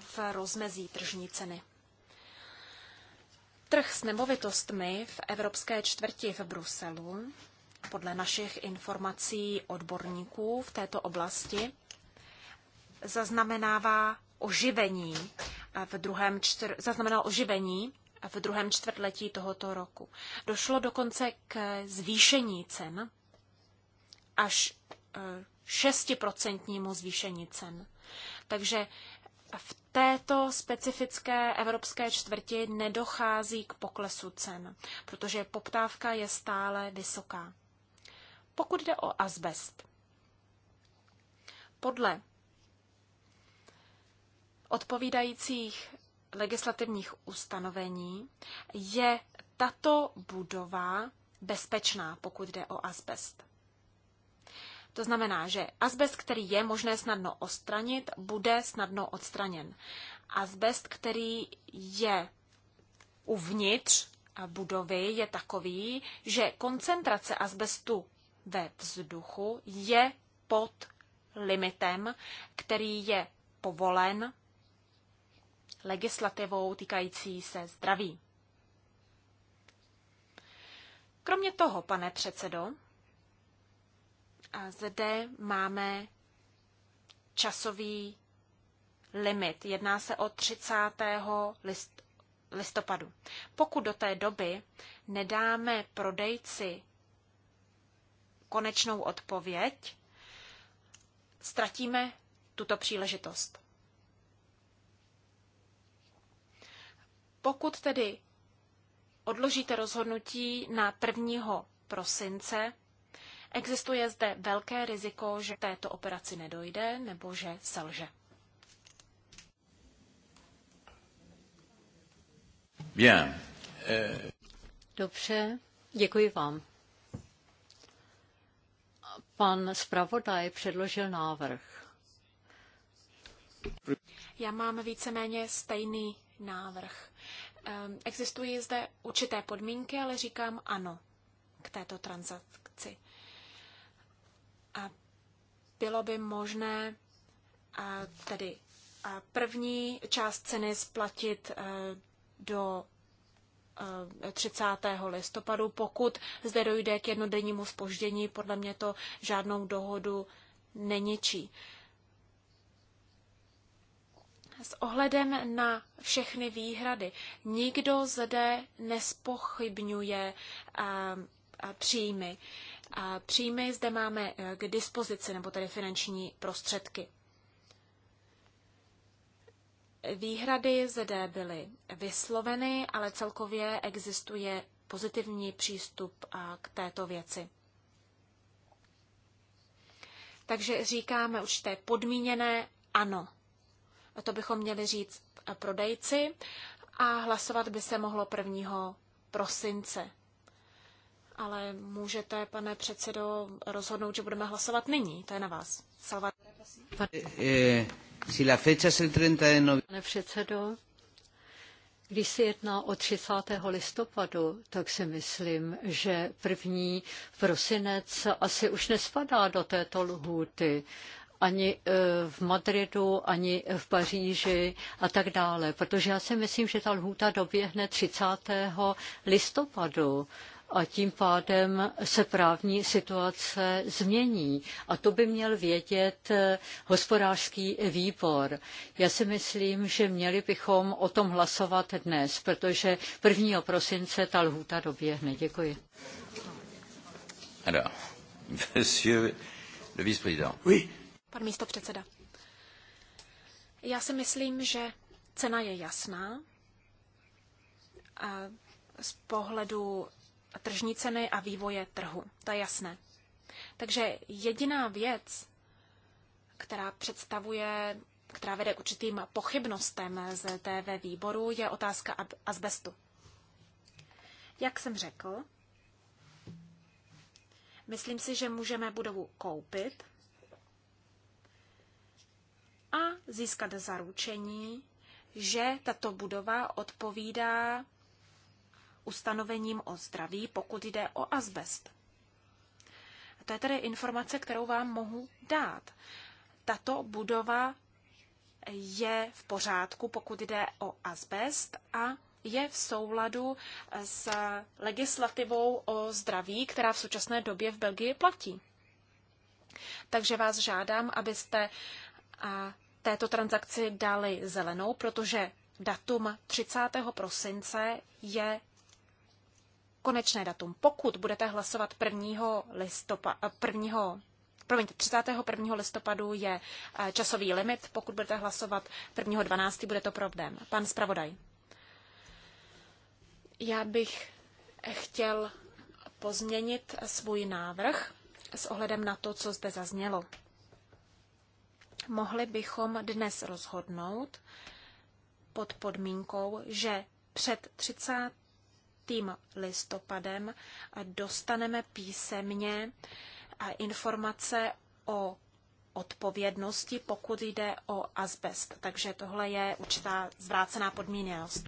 v rozmezí tržní ceny. Trh s nemovitostmi v Evropské čtvrti v Bruselu, podle našich informací odborníků v této oblasti, zaznamenává oživení v druhém čtr- zaznamenal oživení v druhém čtvrtletí tohoto roku. Došlo dokonce k zvýšení cen až šestiprocentnímu zvýšení cen. Takže v této specifické evropské čtvrti nedochází k poklesu cen, protože poptávka je stále vysoká. Pokud jde o asbest, podle odpovídajících legislativních ustanovení je tato budova bezpečná, pokud jde o asbest. To znamená, že asbest, který je možné snadno odstranit, bude snadno odstraněn. Asbest, který je uvnitř budovy, je takový, že koncentrace asbestu ve vzduchu je pod limitem, který je povolen legislativou týkající se zdraví. Kromě toho, pane předsedo, a zde máme časový limit. Jedná se o 30. List, listopadu. Pokud do té doby nedáme prodejci konečnou odpověď, ztratíme tuto příležitost. Pokud tedy odložíte rozhodnutí na 1. prosince, Existuje zde velké riziko, že této operaci nedojde nebo že selže. Eh. Dobře, děkuji vám. Pan zpravodaj předložil návrh. Já mám víceméně stejný návrh. Ehm, existují zde určité podmínky, ale říkám ano k této transakci. A bylo by možné tedy první část ceny splatit e, do 30. E, listopadu, pokud zde dojde k jednodennímu spoždění, podle mě to žádnou dohodu neničí. S ohledem na všechny výhrady, nikdo zde nespochybňuje a, e, a příjmy. A příjmy zde máme eh, k dispozici, nebo tedy finanční prostředky. Výhrady zde byly vysloveny, ale celkově existuje pozitivní přístup eh, k této věci. Takže říkáme určité podmíněné ano. A to bychom měli říct eh, prodejci a hlasovat by se mohlo 1. prosince ale můžete, pane předsedo, rozhodnout, že budeme hlasovat nyní. To je na vás. Salvatore, prosím. Eh, eh, pane předsedo, když se jedná o 30. listopadu, tak si myslím, že první prosinec asi už nespadá do této lhůty ani eh, v Madridu, ani v Paříži a tak dále. Protože já si myslím, že ta lhůta doběhne 30. listopadu a tím pádem se právní situace změní. A to by měl vědět eh, hospodářský výbor. Já si myslím, že měli bychom o tom hlasovat dnes, protože 1. prosince ta lhůta doběhne. Děkuji. Alors, monsieur le vice-président. Oui. Pan místo předseda. Já si myslím, že cena je jasná. A z pohledu tržní ceny a vývoje trhu. To je jasné. Takže jediná věc, která představuje, která vede k určitým pochybnostem z TV výboru, je otázka asbestu. Jak jsem řekl, myslím si, že můžeme budovu koupit a získat zaručení, že tato budova odpovídá ustanovením o zdraví, pokud jde o asbest. To je tedy informace, kterou vám mohu dát. Tato budova je v pořádku, pokud jde o asbest a je v souladu s legislativou o zdraví, která v současné době v Belgii platí. Takže vás žádám, abyste této transakci dali zelenou, protože datum 30. prosince je konečné datum. Pokud budete hlasovat 1. listopadu, 1. Promiňte, 31. listopadu je eh, časový limit, pokud budete hlasovat 1.12. 12. bude to problém. Pan zpravodaj. Já bych chtěl pozměnit svůj návrh s ohledem na to, co zde zaznělo. Mohli bychom dnes rozhodnout pod podmínkou, že před 30 listopadem dostaneme písemně informace o odpovědnosti, pokud jde o asbest. Takže tohle je určitá zvrácená podmíněnost.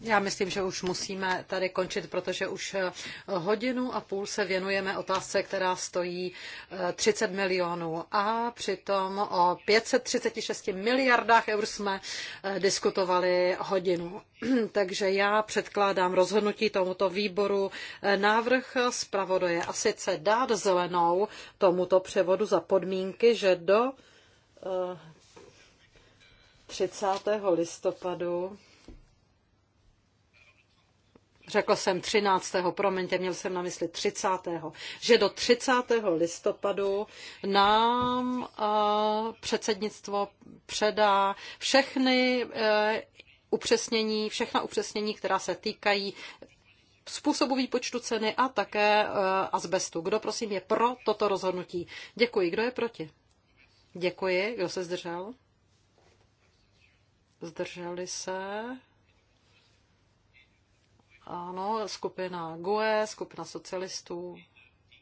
Já myslím, že už musíme tady končit, protože už eh, hodinu a půl se věnujeme otázce, která stojí 30 eh, milionů a přitom o 536 miliardách eur jsme eh, diskutovali hodinu. Takže já předkládám rozhodnutí tomuto výboru návrh zpravodaje a sice dát zelenou tomuto převodu za podmínky, že že do 30. Eh, listopadu Řekl jsem 13. promiňte, měl jsem na mysli 30. že do 30. listopadu nám eh, předsednictvo předá všechny eh, upřesnění, všechna upřesnění, která se týkají způsobu výpočtu ceny a také azbestu. Kdo prosím je pro toto rozhodnutí? Děkuji. Kdo je proti? Děkuji. Kdo se zdržel? Zdrželi se. Ano, skupina GUE, skupina socialistů,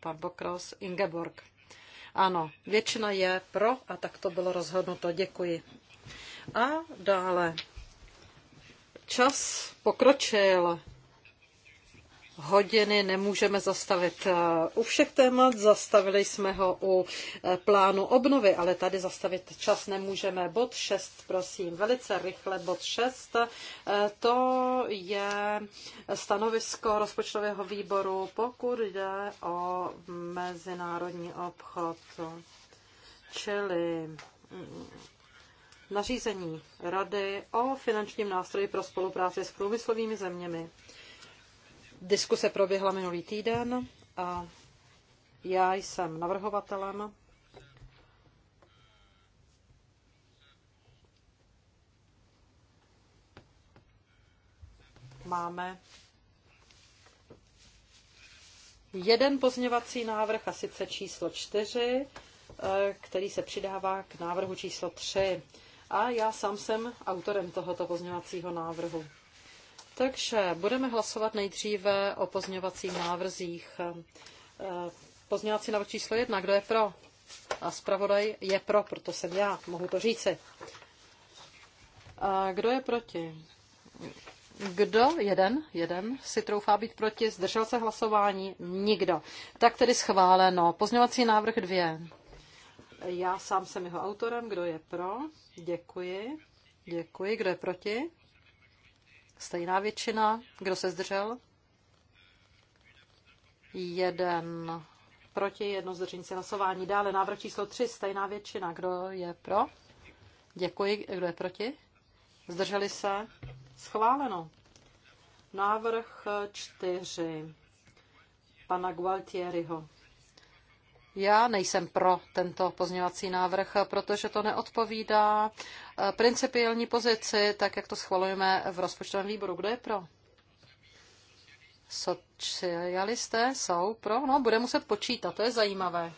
pan Bokros, Ingeborg. Ano, většina je pro a tak to bylo rozhodnuto. Děkuji. A dále. Čas pokročil hodiny nemůžeme zastavit eh, u všech témat. Zastavili jsme ho u eh, plánu obnovy, ale tady zastavit čas nemůžeme. Bod 6, prosím, velice rychle. Bod 6, eh, to je stanovisko rozpočtového výboru, pokud jde o mezinárodní obchod. Čili mm, nařízení Rady o finančním nástroji pro spolupráci s průmyslovými zeměmi. Diskuse proběhla minulý týden a já jsem navrhovatelem máme jeden pozměvací návrh, a sice číslo čtyři, eh, který se přidává k návrhu číslo tři. A já sám jsem autorem tohoto pozměvacího návrhu. Takže budeme hlasovat nejdříve o pozměňovacích návrzích. Eh, pozměňovací návrh číslo jedna, kdo je pro? A zpravodaj je pro, proto jsem já, mohu to říci. A kdo je proti? Kdo? Jeden, jeden si troufá být proti, zdržel se hlasování? Nikdo. Tak tedy schváleno. Pozměňovací návrh dvě. Já sám jsem jeho autorem. Kdo je pro? Děkuji. Děkuji. Kdo je proti? Stejná většina. Kdo se zdržel? Jeden proti, jedno zdržení se hlasování. Dále návrh číslo tři. stejná většina. Kdo je pro? Děkuji. Kdo je proti? Zdrželi se? Schváleno. Návrh čtyři. pana Gualtieriho. Já nejsem pro tento pozměňovací návrh, protože to neodpovídá eh, principiální pozici, tak jak to schvalujeme v rozpočtovém výboru. Kdo je pro? Socialisté jsou pro? No, bude muset počítat, to je zajímavé.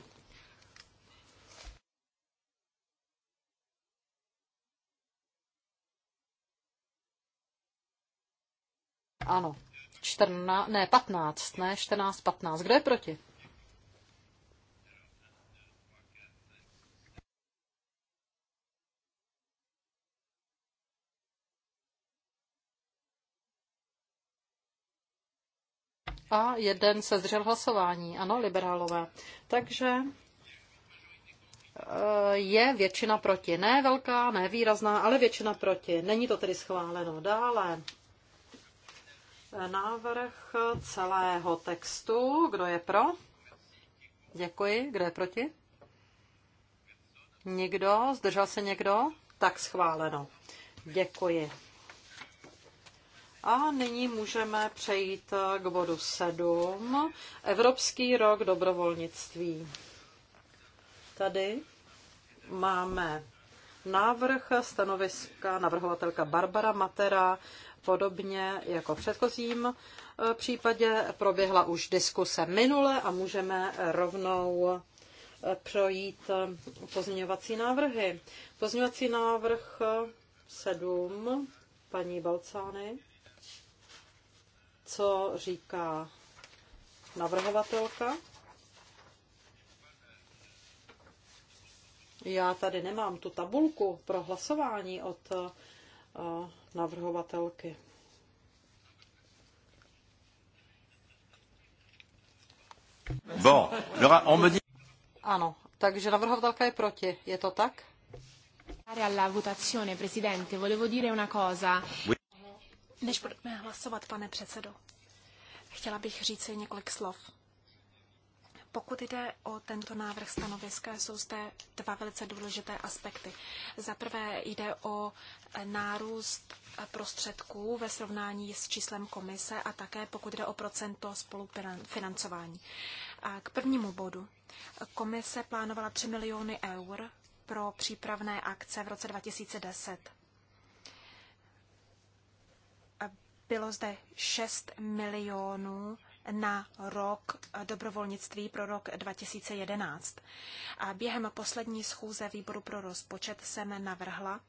Ano, 14, ne, 15, ne, 14, 15. Kdo je proti? a jeden se zdržel hlasování. Ano, liberálové. Takže eh, je většina proti. Ne velká, ne výrazná, ale většina proti. Není to tedy schváleno. Dále eh, návrh celého textu. Kdo je pro? Děkuji. Kdo je proti? Nikdo? Zdržel se někdo? Tak schváleno. Děkuji. A nyní můžeme přejít eh, k bodu 7. Evropský rok dobrovolnictví. Tady máme návrh stanoviska navrhovatelka Barbara Matera. Podobně jako v předchozím eh, případě proběhla už diskuse minule a můžeme rovnou eh, projít pozměňovací návrhy. Pozměňovací návrh 7 paní Balcány co říká navrhovatelka. Já tady nemám tu tabulku pro hlasování od eh, navrhovatelky. Bon, on Ano, takže navrhovatelka je proti, je to tak? alla votazione, Presidente, volevo dire una cosa. Než budeme hlasovat, pane předsedo, chtěla bych říct několik slov. Pokud jde o tento návrh stanoviska, jsou zde dva velice důležité aspekty. Za prvé jde o nárůst prostředků ve srovnání s číslem komise a také pokud jde o procento spolufinancování. A k prvnímu bodu. Komise plánovala 3 miliony eur pro přípravné akce v roce 2010 Bylo zde 6 milionů na rok dobrovolnictví pro rok 2011. A během poslední schůze výboru pro rozpočet jsem navrhla,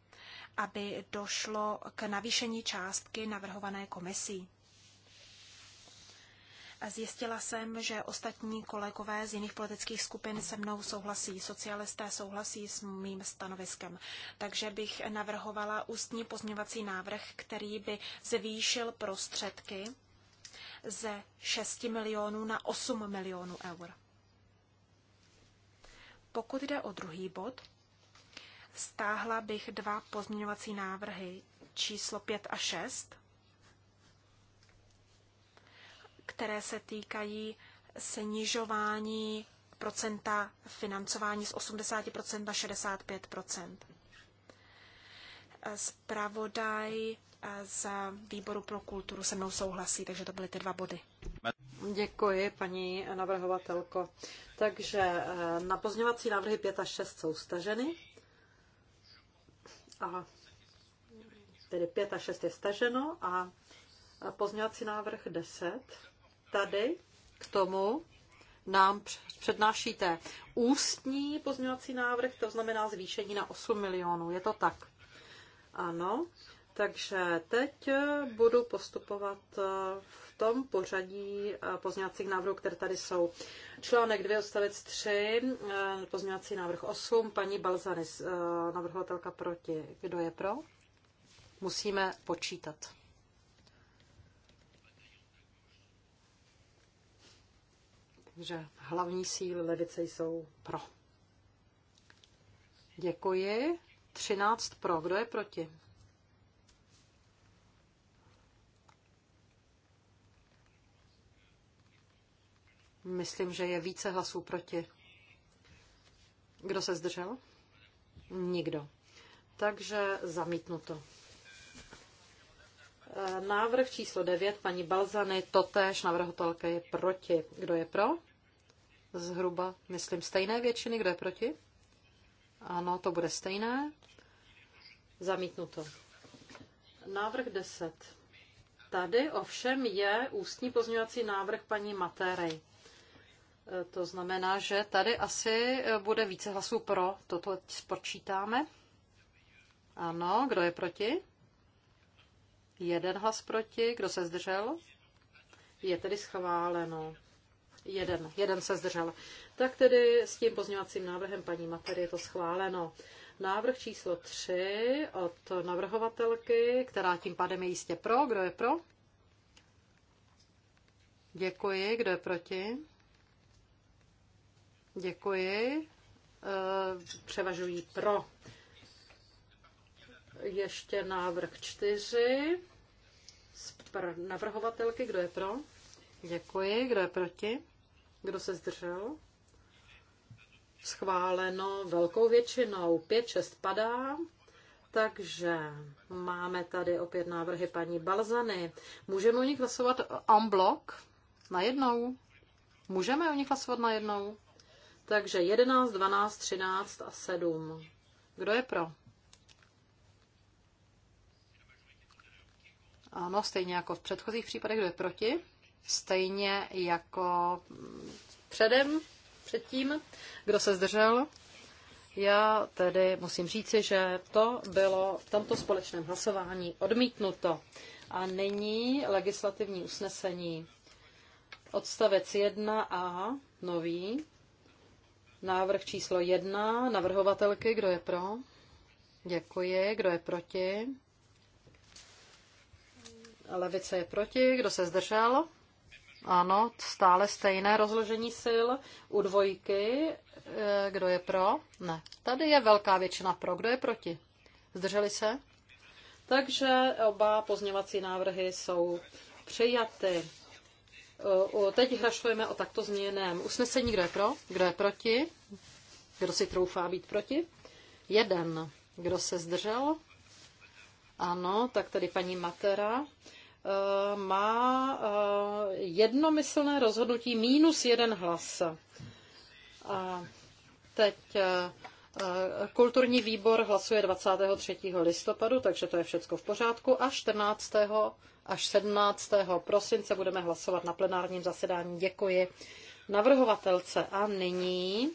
aby došlo k navýšení částky navrhované komisí. Zjistila jsem, že ostatní kolegové z jiných politických skupin se mnou souhlasí. Socialisté souhlasí s mým stanoviskem. Takže bych navrhovala ústní pozměňovací návrh, který by zvýšil prostředky ze 6 milionů na 8 milionů eur. Pokud jde o druhý bod, stáhla bych dva pozměňovací návrhy číslo 5 a 6 které se týkají snižování procenta financování z 80% na 65%. Zpravodaj eh, z výboru pro kulturu se mnou souhlasí, takže to byly ty dva body. Děkuji, paní navrhovatelko. Takže eh, na pozněvací návrhy 5 a 6 jsou staženy. A tedy 5 a 6 je staženo a pozněvací návrh 10 tady k tomu nám přednášíte ústní pozměňovací návrh, to znamená zvýšení na 8 milionů. Je to tak? Ano. Takže teď budu postupovat eh, v tom pořadí eh, pozměňovacích návrhů, které tady jsou. Článek 2, odstavec 3, eh, pozměňovací návrh 8, paní Balzanis, navrhovatelka proti. Kdo je pro? Musíme počítat. že hlavní síly levice jsou pro. Děkuji. 13 pro. Kdo je proti? Myslím, že je více hlasů proti. Kdo se zdržel? Nikdo. Takže zamítnuto. Návrh číslo 9, paní Balzany, totéž navrhotelka je proti. Kdo je pro? zhruba, myslím, stejné většiny. Kdo je proti? Ano, to bude stejné. Zamítnuto. Návrh 10. Tady ovšem je ústní pozměňovací návrh paní Matérej. E, to znamená, že tady asi bude více hlasů pro. Toto spočítáme. Ano, kdo je proti? Jeden hlas proti. Kdo se zdržel? Je tedy schváleno jeden, jeden se zdržel. Tak tedy s tím pozměňovacím návrhem paní Matery je to schváleno. Návrh číslo 3 od navrhovatelky, která tím pádem je jistě pro. Kdo je pro? Děkuji. Kdo je proti? Děkuji. E, převažují pro. Ještě návrh 4 z navrhovatelky. Kdo je pro? Děkuji. Kdo je proti? Kdo se zdržel? Schváleno velkou většinou. 5-6 padá. Takže máme tady opět návrhy paní Balzany. Můžeme o nich hlasovat en bloc? Najednou? Můžeme o nich hlasovat najednou? Takže 11, 12, 13 a 7. Kdo je pro? Ano, stejně jako v předchozích případech, kdo je proti? stejně jako předem, předtím, kdo se zdržel. Já tedy musím říci, že to bylo v tomto společném hlasování odmítnuto. A nyní legislativní usnesení. Odstavec 1a, nový. Návrh číslo 1, navrhovatelky, kdo je pro? Děkuji, kdo je proti? Levice je proti, kdo se zdržel? Ano, stále stejné rozložení sil u dvojky. Eh, kdo je pro? Ne. Tady je velká většina pro. Kdo je proti? Zdrželi se? Takže oba pozněvací návrhy jsou přijaty. Eh, teď hrašujeme o takto změněném usnesení. Kdo je pro? Kdo je proti? Kdo si troufá být proti? Jeden. Kdo se zdržel? Ano, tak tady paní Matera. Eh, má eh, jednomyslné rozhodnutí minus jeden hlas. A teď eh, kulturní výbor hlasuje 23. listopadu, takže to je všechno v pořádku. A 14. až 17. prosince budeme hlasovat na plenárním zasedání. Děkuji navrhovatelce. A nyní,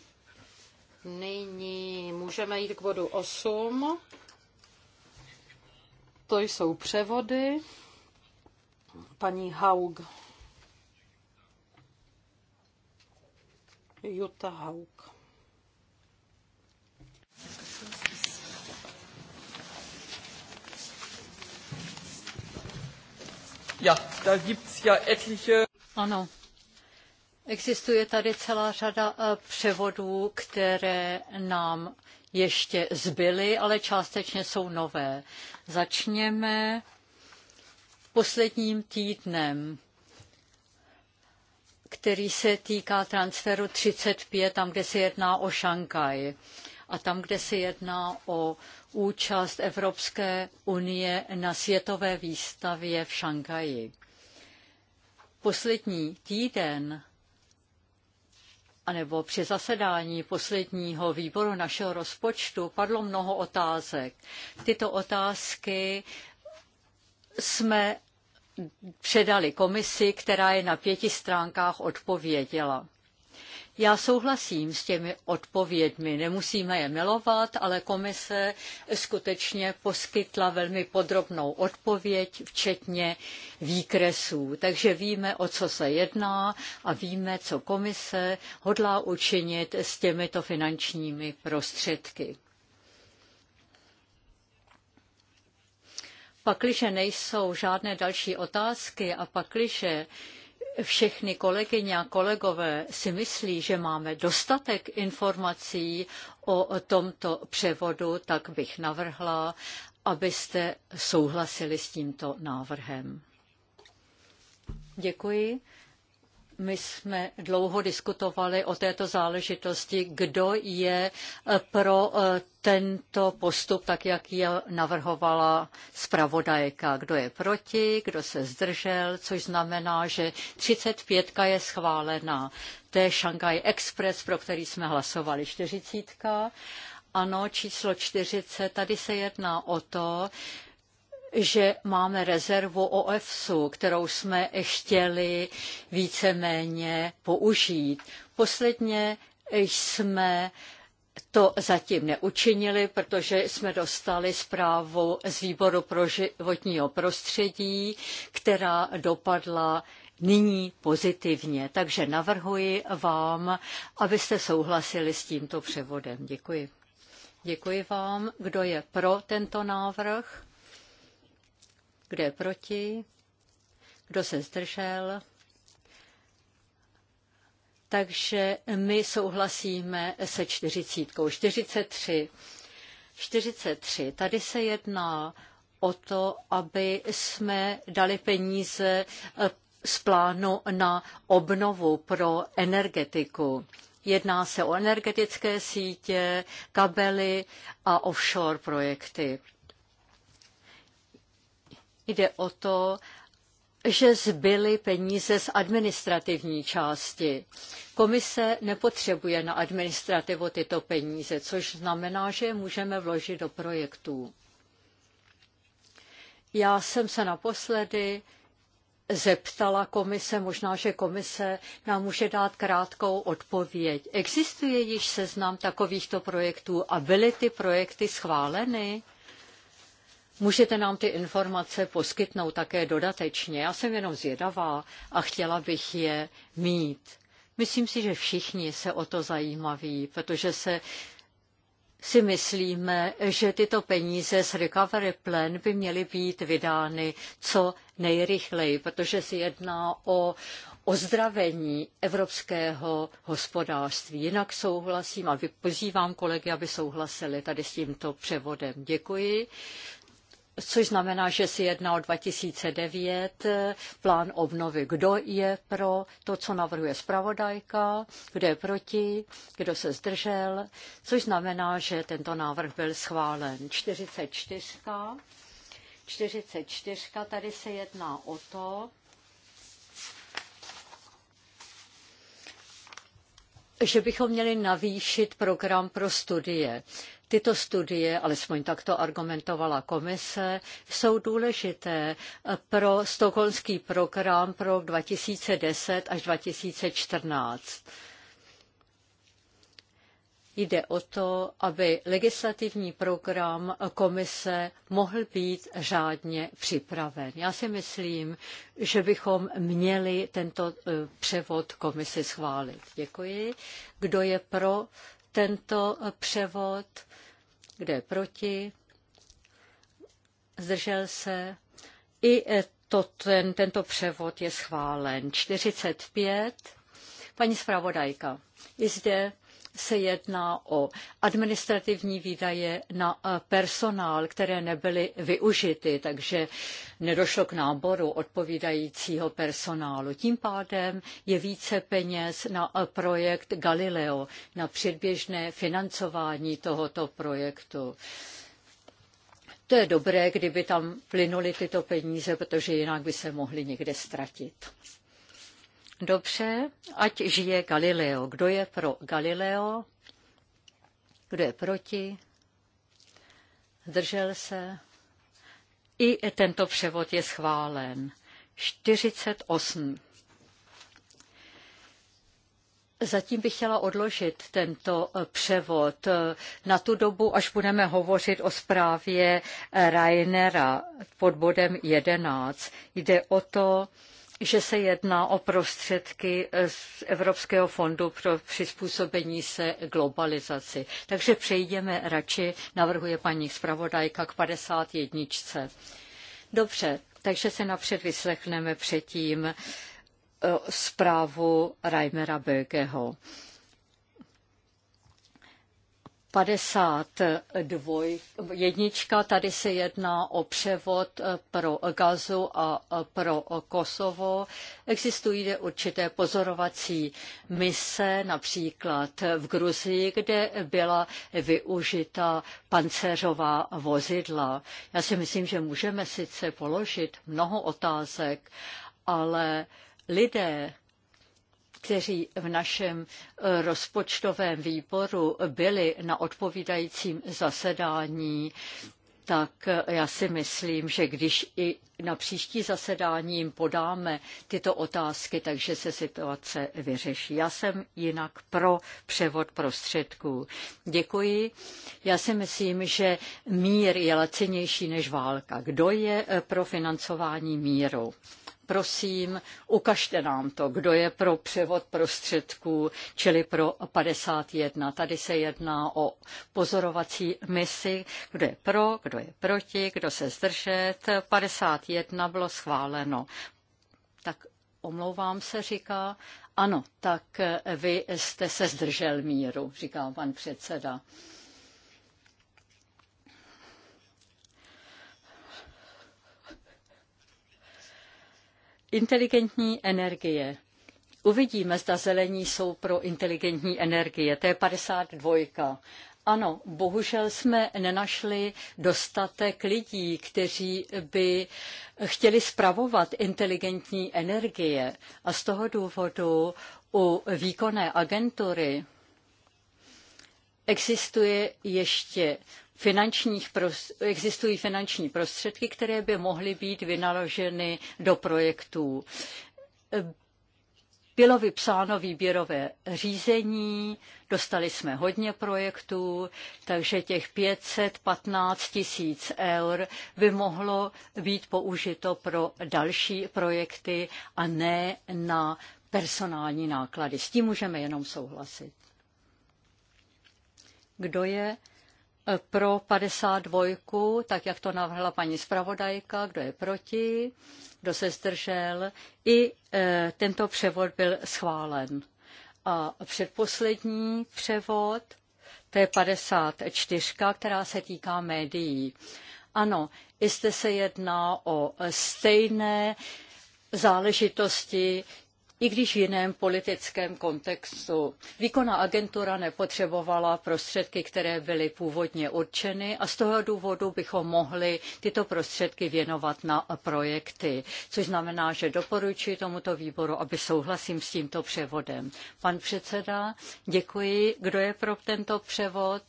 nyní můžeme jít k bodu 8. To jsou převody paní Haug. Jutta Haug. Ja, da gibt's ja etliche... Ano, Existuje tady celá řada eh, převodů, které nám ještě zbyly, ale částečně jsou nové. Začněme posledním týdnem, který se týká transferu 35, tam, kde se jedná o Šankaj a tam, kde se jedná o účast Evropské unie na světové výstavě v Šanghaji. Poslední týden anebo při zasedání posledního výboru našeho rozpočtu padlo mnoho otázek. Tyto otázky jsme předali komisi, která je na pěti stránkách odpověděla. Já souhlasím s těmi odpověďmi, nemusíme je milovat, ale komise skutečně poskytla velmi podrobnou odpověď, včetně výkresů. Takže víme, o co se jedná a víme, co komise hodlá učinit s těmito finančními prostředky. Pakliže nejsou žádné další otázky a pakliže všechny kolegyně a kolegové si myslí, že máme dostatek informací o tomto převodu, tak bych navrhla, abyste souhlasili s tímto návrhem. Děkuji. My jsme dlouho diskutovali o této záležitosti, kdo je eh, pro eh, tento postup, tak jak je navrhovala zpravodajka. Kdo je proti, kdo se zdržel, což znamená, že 35 je schválená. To je Shanghai Express, pro který jsme hlasovali 40. Ano, číslo 40. Tady se jedná o to, že máme rezervu OFSu, kterou jsme chtěli víceméně použít. Posledně jsme to zatím neučinili, protože jsme dostali zprávu z výboru pro životního prostředí, která dopadla nyní pozitivně. Takže navrhuji vám, abyste souhlasili s tímto převodem. Děkuji. Děkuji vám. Kdo je pro tento návrh? Kdo je proti? Kdo se zdržel? Takže my souhlasíme se čtyřicítkou. 43. 43. Tady se jedná o to, aby jsme dali peníze eh, z plánu na obnovu pro energetiku. Jedná se o energetické sítě, kabely a offshore projekty. Jde o to, že zbyly peníze z administrativní části. Komise nepotřebuje na administrativu tyto peníze, což znamená, že je můžeme vložit do projektů. Já jsem se naposledy zeptala komise, možná, že komise nám může dát krátkou odpověď. Existuje již seznam takovýchto projektů a byly ty projekty schváleny? Můžete nám ty informace poskytnout také dodatečně. Já jsem jenom zvědavá a chtěla bych je mít. Myslím si, že všichni se o to zajímaví, protože se si myslíme, že tyto peníze z Recovery Plan by měly být vydány co nejrychleji, protože se jedná o ozdravení evropského hospodářství. Jinak souhlasím a vypozývám kolegy, aby souhlasili tady s tímto převodem. Děkuji což znamená, že se jedná o 2009 eh, plán obnovy. Kdo je pro to, co navrhuje zpravodajka, kdo je proti, kdo se zdržel, což znamená, že tento návrh byl schválen. 44. 44. Tady se jedná o to, že bychom měli navýšit program pro studie. Tyto studie, alespoň takto argumentovala komise, jsou důležité pro stokholmský program pro 2010 až 2014. Jde o to, aby legislativní program komise mohl být řádně připraven. Já si myslím, že bychom měli tento eh, převod komise schválit. Děkuji. Kdo je pro tento převod, kde je proti, zdržel se. I to, ten, tento převod je schválen. 45. Paní zpravodajka, i zde se jedná o administrativní výdaje na eh, personál, které nebyly využity, takže nedošlo k náboru odpovídajícího personálu. Tím pádem je více peněz na eh, projekt Galileo, na předběžné financování tohoto projektu to je dobré, kdyby tam plynuly tyto peníze, protože jinak by se mohly někde ztratit. Dobře, ať žije Galileo. Kdo je pro Galileo? Kdo je proti? Zdržel se? I tento převod je schválen. 48. Zatím bych chtěla odložit tento eh, převod eh, na tu dobu, až budeme hovořit o zprávě Rainera pod bodem 11. Jde o to, že se jedná o prostředky z Evropského fondu pro přizpůsobení se globalizaci. Takže přejdeme radši, navrhuje paní zpravodajka k 51. Dobře, takže se napřed vyslechneme předtím eh, zprávu Reimera Bögeho. 52. Jednička, tady se jedná o převod eh, pro Gazu a eh, pro Kosovo. Existují určité pozorovací mise, například v Gruzii, kde byla využita pancéřová vozidla. Já si myslím, že můžeme sice položit mnoho otázek, ale lidé, kteří v našem eh, rozpočtovém výboru byli na odpovídajícím zasedání, tak eh, já si myslím, že když i na příští zasedání jim podáme tyto otázky, takže se situace vyřeší. Já jsem jinak pro převod prostředků. Děkuji. Já si myslím, že mír je lacinější než válka. Kdo je eh, pro financování míru? prosím, ukažte nám to, kdo je pro převod prostředků, čili pro 51. Tady se jedná o pozorovací misi, kdo je pro, kdo je proti, kdo se zdržet. 51 bylo schváleno. Tak omlouvám se, říká, ano, tak vy jste se zdržel míru, říká pan předseda. inteligentní energie. Uvidíme, zda zelení jsou pro inteligentní energie. To je 52. Ano, bohužel jsme nenašli dostatek lidí, kteří by chtěli spravovat inteligentní energie. A z toho důvodu u výkonné agentury existuje ještě finančních existují finanční prostředky, které by mohly být vynaloženy do projektů. Bylo vypsáno výběrové řízení, dostali jsme hodně projektů, takže těch 515 tisíc eur by mohlo být použito pro další projekty a ne na personální náklady. S tím můžeme jenom souhlasit. Kdo je pro 52, tak jak to navrhla paní zpravodajka, kdo je proti, kdo se zdržel. I e, tento převod byl schválen. A předposlední převod, to je 54, která se týká médií. Ano, jste se jedná o stejné záležitosti, i když v jiném politickém kontextu. Výkonná agentura nepotřebovala prostředky, které byly původně určeny a z toho důvodu bychom mohli tyto prostředky věnovat na projekty, což znamená, že doporučuji tomuto výboru, aby souhlasím s tímto převodem. Pan předseda, děkuji. Kdo je pro tento převod?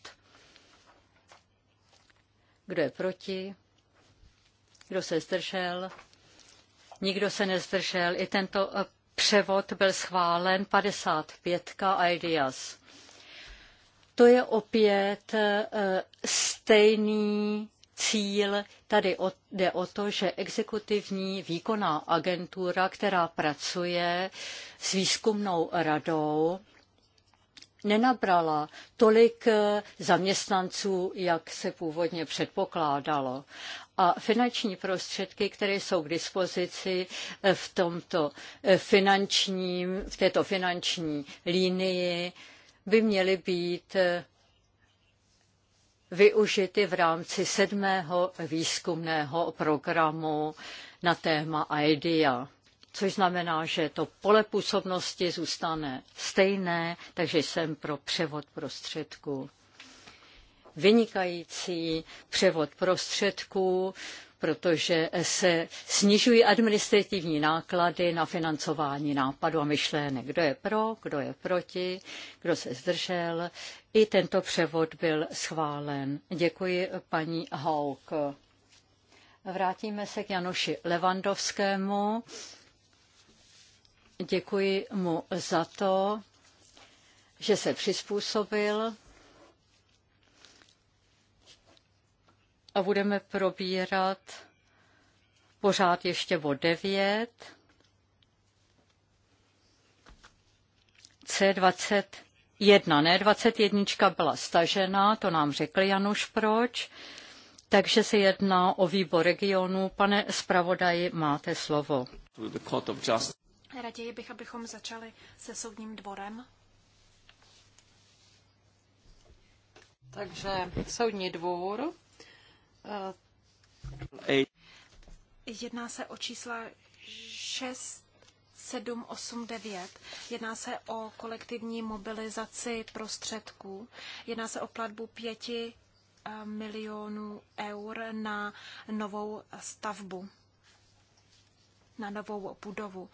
Kdo je proti? Kdo se zdržel? Nikdo se nezdržel. I tento převod byl schválen 55 IDEAS. To je opět e, stejný cíl. Tady jde o to, že exekutivní výkonná agentura, která pracuje s výzkumnou radou, nenabrala tolik e, zaměstnanců, jak se původně předpokládalo a finanční prostředky, které jsou k dispozici eh, v, tomto eh, finančním, v této finanční línii, by měly být eh, využity v rámci sedmého výzkumného programu na téma IDEA což znamená, že to pole působnosti zůstane stejné, takže jsem pro převod prostředků vynikající převod prostředků, protože se snižují administrativní náklady na financování nápadu a myšlenek. Kdo je pro, kdo je proti, kdo se zdržel. I tento převod byl schválen. Děkuji paní Hauk. Vrátíme se k Janoši Levandovskému. Děkuji mu za to, že se přizpůsobil a budeme probírat pořád ještě bod 9, C21, ne, 21 byla stažena, to nám řekl Januš proč, takže se jedná o výbor regionu. Pane zpravodaji, máte slovo. Raději bych, abychom začali se soudním dvorem. Takže soudní dvůr Eh, jedná se o čísla 6, 7, 8, 9. Jedná se o kolektivní mobilizaci prostředků. Jedná se o platbu 5 eh, milionů eur na novou stavbu, na novou budovu.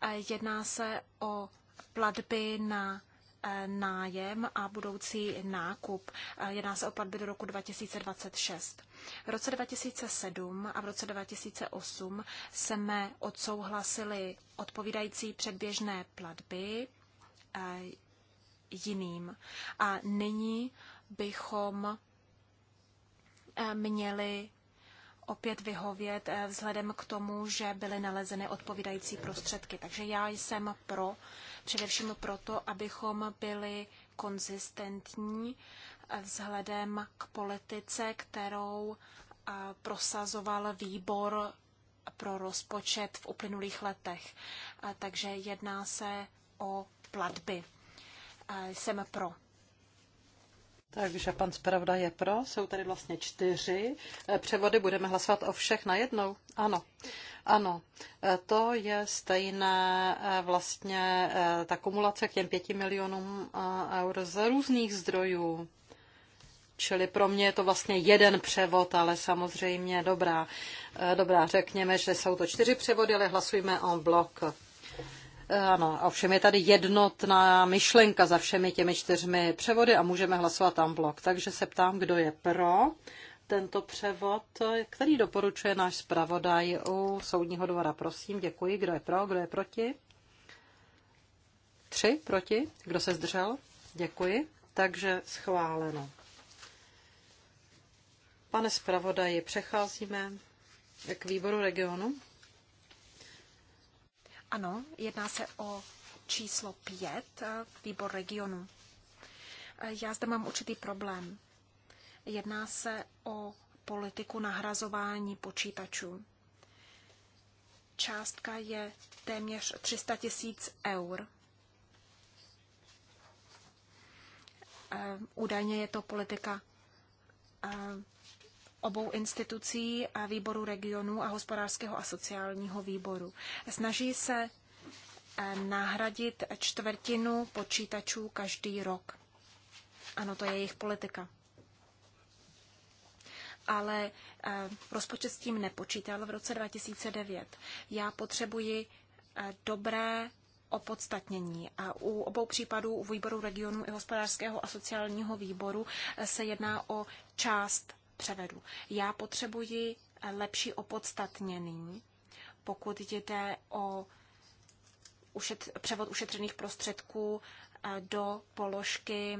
Eh, jedná se o platby na Eh, nájem a budoucí nákup. Eh, jedná se o platby do roku 2026. V roce 2007 a v roce 2008 jsme odsouhlasili odpovídající předběžné platby eh, jiným. A nyní bychom měli opět vyhovět eh, vzhledem k tomu, že byly nalezeny odpovídající prostředky. Takže já jsem pro, především proto, abychom byli konzistentní eh, vzhledem k politice, kterou eh, prosazoval výbor pro rozpočet v uplynulých letech. Takže jedná se o platby. Jsem pro. Takže pan zpravda je pro, jsou tady vlastně čtyři eh, převody, budeme hlasovat o všech najednou? Ano, ano, eh, to je stejné eh, vlastně ta kumulace k těm pěti milionům eur z různých zdrojů. Čili pro mě je to vlastně jeden převod, ale samozřejmě dobrá, dobrá řekněme, že jsou to čtyři převody, ale hlasujeme o blok. Eh, ano, a je tady jednotná myšlenka za všemi těmi čtyřmi převody a můžeme hlasovat tam blok. Takže se ptám, kdo je pro tento převod, který doporučuje náš zpravodaj u Soudního dvora. Prosím, děkuji. Kdo je pro, kdo je proti? Tři proti. Kdo se zdržel? Děkuji. Takže schváleno. Pane zpravodaji, přecházíme k výboru regionu. Ano, jedná se o číslo 5, eh, výbor regionu. Eh, já zde mám určitý problém. Jedná se o politiku nahrazování počítačů. Částka je téměř 300 tisíc eur. Eh, údajně je to politika obou institucí a výboru regionů a hospodářského a sociálního výboru. Snaží se eh, nahradit čtvrtinu počítačů každý rok. Ano, to je jejich politika. Ale eh, rozpočet s tím nepočítal v roce 2009. Já potřebuji eh, dobré opodstatnění. A u obou případů, u výboru regionu i hospodářského a sociálního výboru, se jedná o část převedu. Já potřebuji lepší opodstatnění, pokud jde o ušet, převod ušetřených prostředků eh, do položky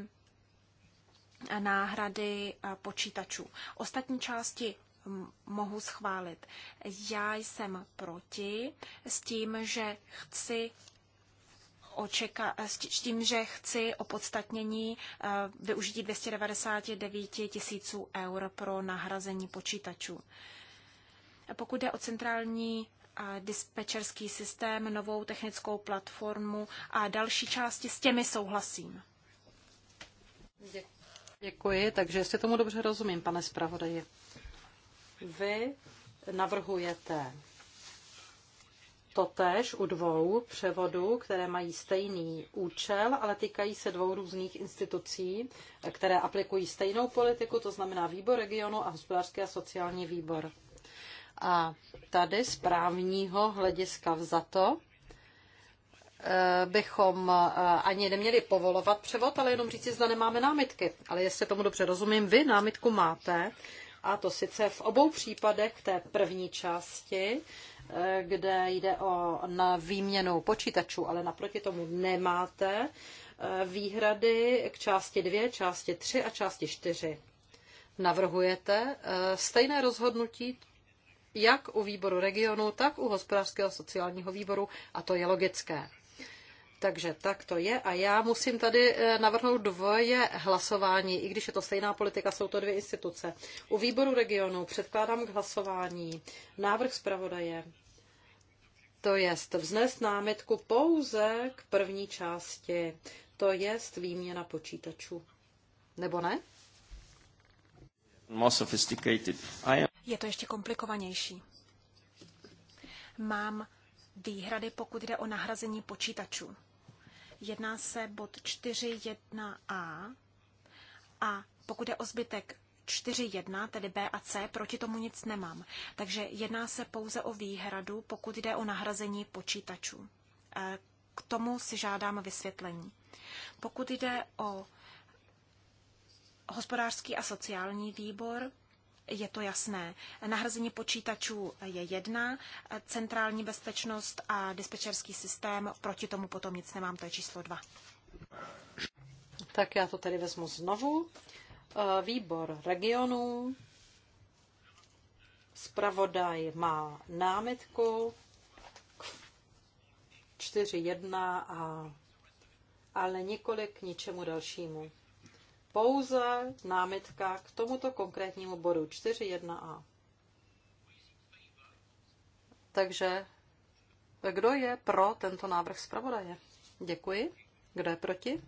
eh, náhrady eh, počítačů. Ostatní části mohu schválit. Já jsem proti s tím, že chci očeka- eh, s tím, že chci opodstatnění eh, využití 299 tisíců eur pro nahrazení počítačů. Pokud jde o centrální eh, dispečerský systém, novou technickou platformu a další části, s těmi souhlasím. Děkuji, takže jestli tomu dobře rozumím, pane zpravodaji. Vy navrhujete totéž u dvou převodů, které mají stejný účel, ale týkají se dvou různých institucí, které aplikují stejnou politiku, to znamená výbor regionu a hospodářský a sociální výbor. A tady z právního hlediska vzato eh, bychom eh, ani neměli povolovat převod, ale jenom říci, zda nemáme námitky. Ale jestli tomu dobře rozumím, vy námitku máte, a to sice v obou případech té první části, kde jde o na výměnu počítačů, ale naproti tomu nemáte eh, výhrady k části 2, části 3 a části 4. Navrhujete eh, stejné rozhodnutí jak u výboru regionu, tak u hospodářského sociálního výboru a to je logické. Takže tak to je a já musím tady eh, navrhnout dvoje hlasování, i když je to stejná politika, jsou to dvě instituce. U výboru regionu předkládám k hlasování návrh zpravodaje, to jest vznést námitku pouze k první části, to jest výměna počítačů. Nebo ne? Je to ještě komplikovanější. Mám výhrady, pokud jde o nahrazení počítačů. Jedná se bod 4.1a a pokud je o zbytek 4.1, tedy B a C, proti tomu nic nemám. Takže jedná se pouze o výhradu, pokud jde o nahrazení počítačů. E, k tomu si žádám vysvětlení. Pokud jde o hospodářský a sociální výbor, je to jasné. Nahrazení počítačů je jedna, centrální bezpečnost a dispečerský systém, proti tomu potom nic nemám, to je číslo dva. Tak já to tady vezmu znovu. Eh, výbor regionů. Spravodaj má námitku k 4.1 a ale nikoli k ničemu dalšímu pouze námitka k tomuto konkrétnímu bodu 4.1a. Takže kdo je pro tento návrh zpravodaje? Děkuji. Kdo je proti?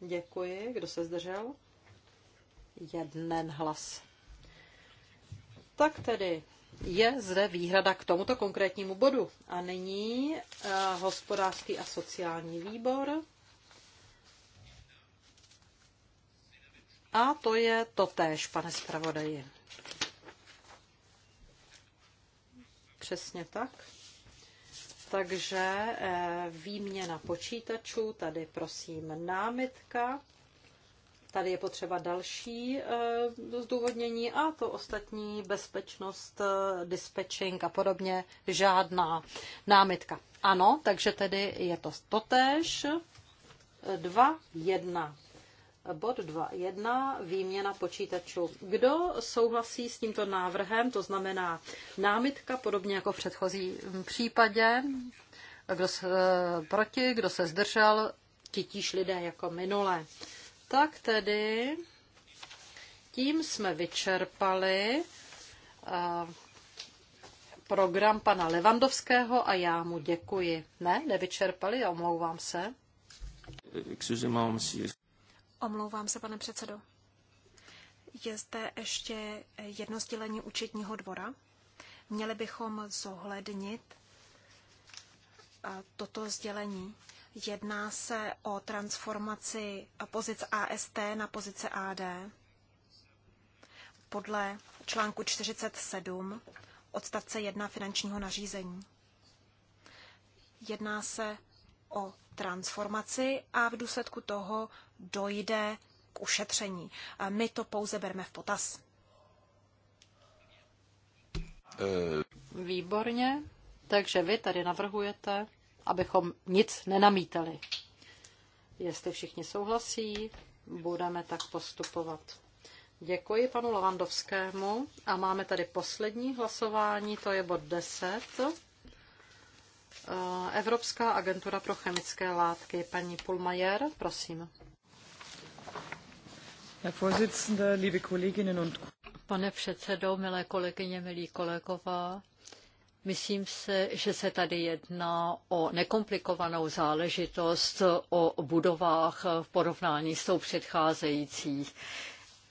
Děkuji. Kdo se zdržel? Jeden hlas. Tak tedy je zde výhrada k tomuto konkrétnímu bodu. A nyní uh, hospodářský a sociální výbor. A to je totéž, pane zpravodaji. Přesně tak. Takže eh, výměna počítačů, tady prosím námitka. Tady je potřeba další eh, zdůvodnění a to ostatní bezpečnost, eh, dispečing a podobně, žádná námitka. Ano, takže tedy je to totéž. dva jedna. Bod 2.1. Výměna počítačů. Kdo souhlasí s tímto návrhem, to znamená námitka, podobně jako v předchozím případě, kdo se eh, proti, kdo se zdržel, titíž lidé jako minule. Tak tedy tím jsme vyčerpali eh, program pana Levandovského a já mu děkuji. Ne, nevyčerpali, omlouvám se. Excuse me, Omlouvám se, pane předsedo. Je zde ještě jedno sdělení účetního dvora. Měli bychom zohlednit toto sdělení. Jedná se o transformaci pozic AST na pozice AD podle článku 47 odstavce 1 finančního nařízení. Jedná se o transformaci a v důsledku toho dojde k ušetření. A my to pouze bereme v potaz. Eh. Výborně. Takže vy tady navrhujete, abychom nic nenamítali. Jestli všichni souhlasí, budeme tak postupovat. Děkuji panu Lavandovskému a máme tady poslední hlasování, to je bod 10. Eh, Evropská agentura pro chemické látky, paní Pulmajer, prosím. Pane předsedo, milé kolegyně, milí kolegové, Myslím se, že se tady jedná o nekomplikovanou záležitost o budovách v porovnání s tou předcházející.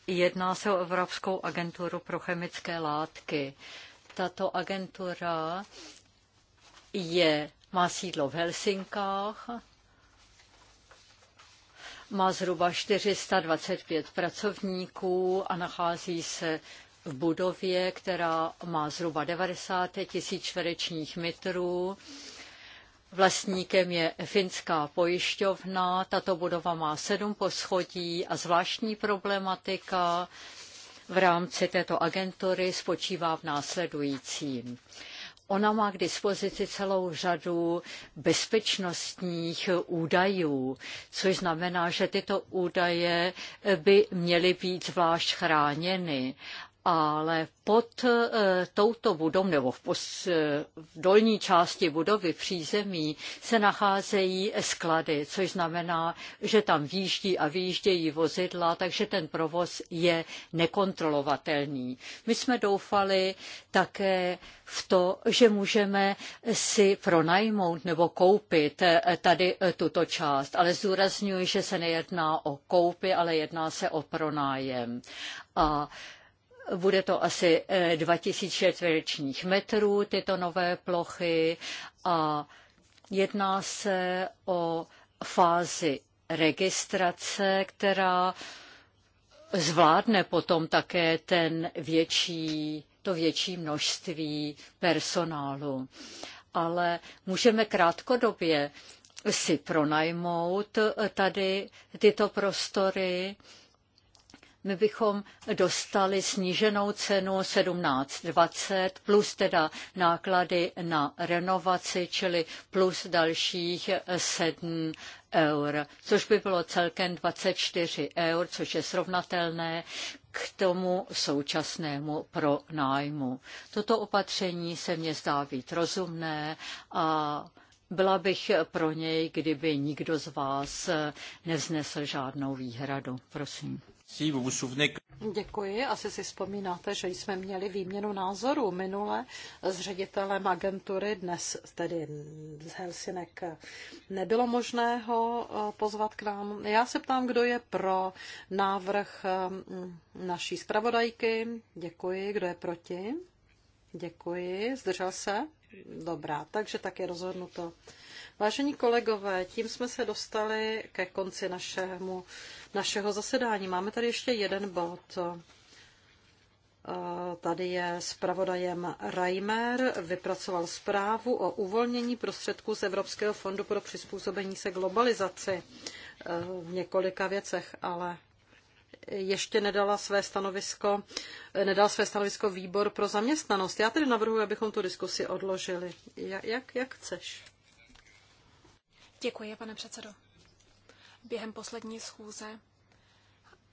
Jedná se o Evropskou agenturu pro chemické látky. Tato agentura je, má sídlo v Helsinkách, má zhruba 425 pracovníků a nachází se v budově, která má zhruba 90 tisíc čtverečních metrů. Vlastníkem je finská pojišťovna, tato budova má sedm poschodí a zvláštní problematika v rámci této agentury spočívá v následujícím. Ona má k dispozici celou řadu bezpečnostních údajů, což znamená, že tyto údaje by měly být zvlášť chráněny ale pod eh, touto budovou nebo v, pos, eh, v dolní části budovy přízemí se nacházejí sklady, což znamená, že tam výjíždí a výjíždějí vozidla, takže ten provoz je nekontrolovatelný. My jsme doufali také v to, že můžeme si pronajmout nebo koupit eh, tady tuto část, ale zdůrazňuji, že se nejedná o koupy, ale jedná se o pronájem. A bude to asi 2000 e, čtverečních metrů, tyto nové plochy, a jedná se o fázi registrace, která zvládne potom také ten větší, to větší množství personálu. Ale můžeme krátkodobě si pronajmout tady tyto prostory my bychom dostali sníženou cenu 17,20 plus teda náklady na renovaci, čili plus dalších 7 eur, což by bylo celkem 24 eur, což je srovnatelné k tomu současnému pronájmu. Toto opatření se mně zdá být rozumné a byla bych pro něj, kdyby nikdo z vás nevznesl žádnou výhradu. Prosím. Děkuji. Asi si vzpomínáte, že jsme měli výměnu názorů minule s ředitelem agentury, dnes tedy z Helsinek nebylo možné ho eh, pozvat k nám. Já se ptám, kdo je pro návrh eh, naší zpravodajky. Děkuji. Kdo je proti? Děkuji. Zdržel se? Dobrá, takže tak je rozhodnuto. Vážení kolegové, tím jsme se dostali ke konci našemu, našeho zasedání. Máme tady ještě jeden bod. Eh, tady je zpravodajem Reimer, vypracoval zprávu o uvolnění prostředků z Evropského fondu pro přizpůsobení se globalizaci eh, v několika věcech, ale ještě nedala své stanovisko, eh, nedal své stanovisko výbor pro zaměstnanost. Já tedy navrhuji, abychom tu diskusi odložili. Jak, jak, jak chceš? Děkuji, pane předsedo. Během poslední schůze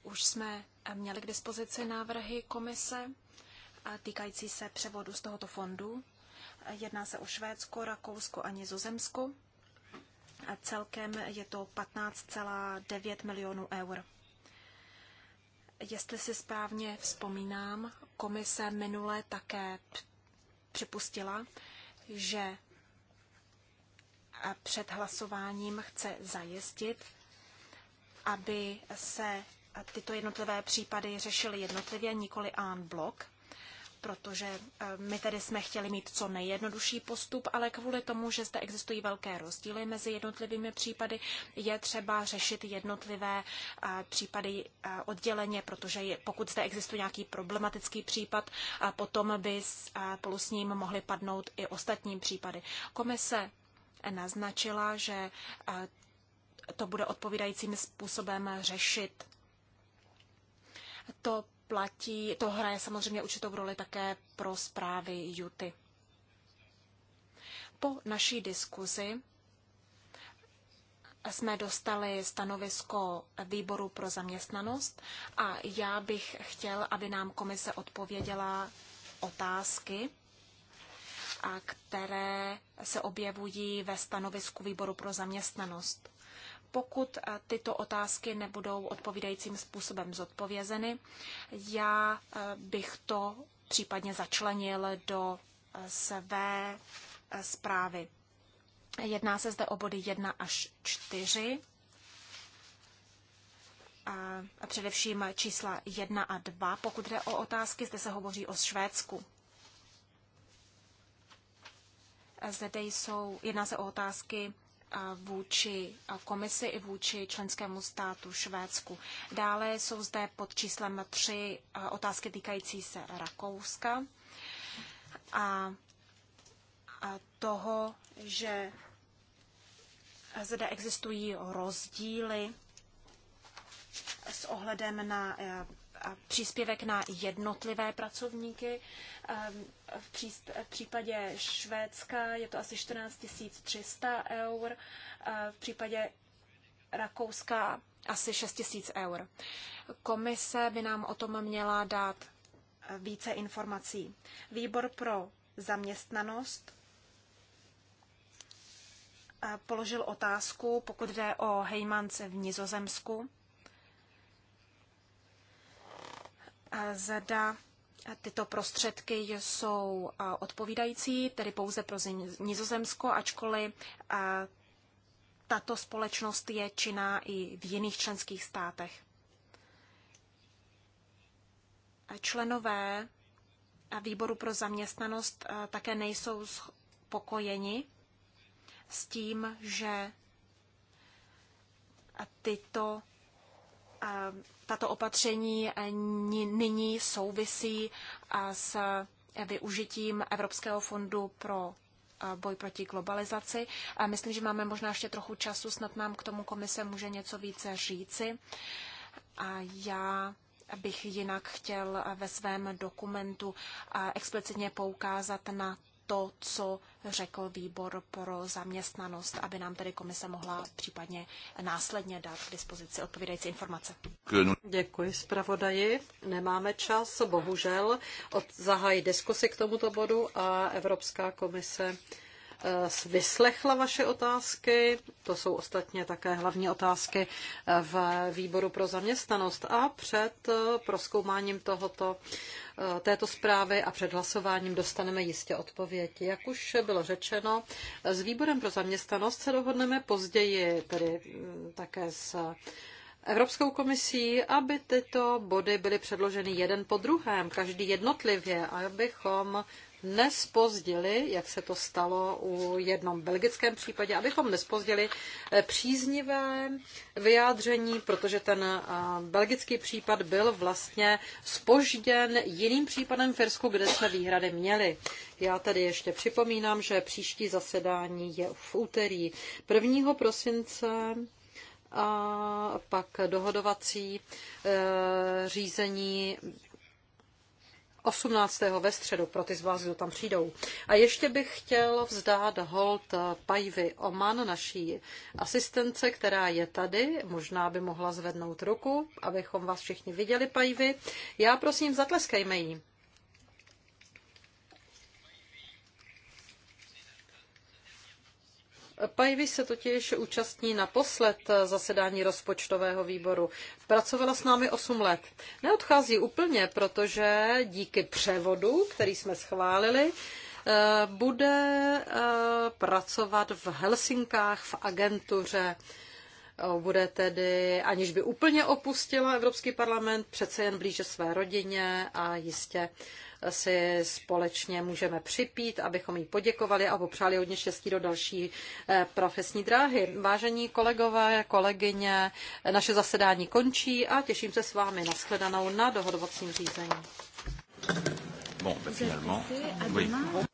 už jsme měli k dispozici návrhy komise týkající se převodu z tohoto fondu. Jedná se o Švédsko, Rakousko a Nizozemsko. A celkem je to 15,9 milionů eur. Jestli si správně vzpomínám, komise minule také připustila, že před hlasováním chce zajistit, aby se tyto jednotlivé případy řešily jednotlivě, nikoli en blok, protože eh, my tedy jsme chtěli mít co nejjednodušší postup, ale kvůli tomu, že zde existují velké rozdíly mezi jednotlivými případy, je třeba řešit jednotlivé eh, případy eh, odděleně, protože pokud zde existuje nějaký problematický případ, potom by spolu s ním mohly padnout i ostatní případy. Komise naznačila, že to bude odpovídajícím způsobem řešit. To platí, to hraje samozřejmě určitou roli také pro zprávy Juty. Po naší diskuzi jsme dostali stanovisko výboru pro zaměstnanost a já bych chtěl, aby nám komise odpověděla otázky, a které se objevují ve stanovisku výboru pro zaměstnanost. Pokud eh, tyto otázky nebudou odpovídajícím způsobem zodpovězeny, já eh, bych to případně začlenil do eh, své zprávy. Jedná se zde o body 1 až 4 a především čísla 1 a 2. Pokud jde o otázky, zde se hovoří o Švédsku. Zde jsou, jedná se o otázky vůči komisi i vůči členskému státu Švédsku. Dále jsou zde pod číslem tři otázky týkající se Rakouska a toho, že zde existují rozdíly s ohledem na příspěvek na jednotlivé pracovníky. Ehm, v, příst, v případě Švédska je to asi 14 300 eur, v případě Rakouska asi 6 000 eur. Komise by nám o tom měla dát e, více informací. Výbor pro zaměstnanost e, položil otázku, pokud jde o hejmance v Nizozemsku, e, zda tyto prostředky jsou odpovídající, tedy pouze pro Nizozemsko, ačkoliv tato společnost je činná i v jiných členských státech. Členové výboru pro zaměstnanost také nejsou spokojeni s tím, že tyto Eh, tato opatření eh, nyní souvisí eh, s využitím Evropského fondu pro boj proti globalizaci. A myslím, že máme možná ještě trochu času, snad nám k tomu komise může něco více říci. A já bych jinak chtěl ve svém dokumentu explicitně poukázat na to, co řekl výbor pro zaměstnanost, aby nám tedy komise mohla případně následně dát k dispozici odpovídající informace. Děkuji zpravodaji. Nemáme čas, bohužel. Od, zahájí diskusy k tomuto bodu a Evropská komise Eh, vyslechla vaše otázky. To jsou ostatně také hlavní otázky eh, v výboru pro zaměstnanost. A před eh, proskoumáním tohoto, této zprávy a před hlasováním dostaneme jistě odpověď. Jak už bylo řečeno, s výborem pro zaměstnanost se dohodneme později, tedy mm, také s Evropskou komisí, aby tyto body byly předloženy jeden po druhém, každý jednotlivě, abychom nespozdili, jak se to stalo u jednom belgickém případě, abychom nespozdili eh, příznivé vyjádření, protože ten eh, belgický případ byl vlastně spožděn jiným případem v Irsku, kde jsme výhrady měli. Já tady ještě připomínám, že příští zasedání je v úterý 1. prosince a pak dohodovací eh, řízení 18. ve středu pro ty z vás, kdo tam přijdou. A ještě bych chtěl vzdát hold Pajvy Oman, naší asistence, která je tady. Možná by mohla zvednout ruku, abychom vás všichni viděli, Pajvy. Já prosím, zatleskejme jí. Pajvi se totiž účastní naposled zasedání rozpočtového výboru. Pracovala s námi 8 let. Neodchází úplně, protože díky převodu, který jsme schválili, eh, bude eh, pracovat v Helsinkách v agentuře. Bude tedy, aniž by úplně opustila Evropský parlament, přece jen blíže své rodině a jistě si společně můžeme připít, abychom jí poděkovali a popřáli hodně štěstí do další eh, profesní dráhy. Vážení kolegové, kolegyně, naše zasedání končí a těším se s vámi na shledanou na dohodovacím řízení. Bon, ben finalement, oui.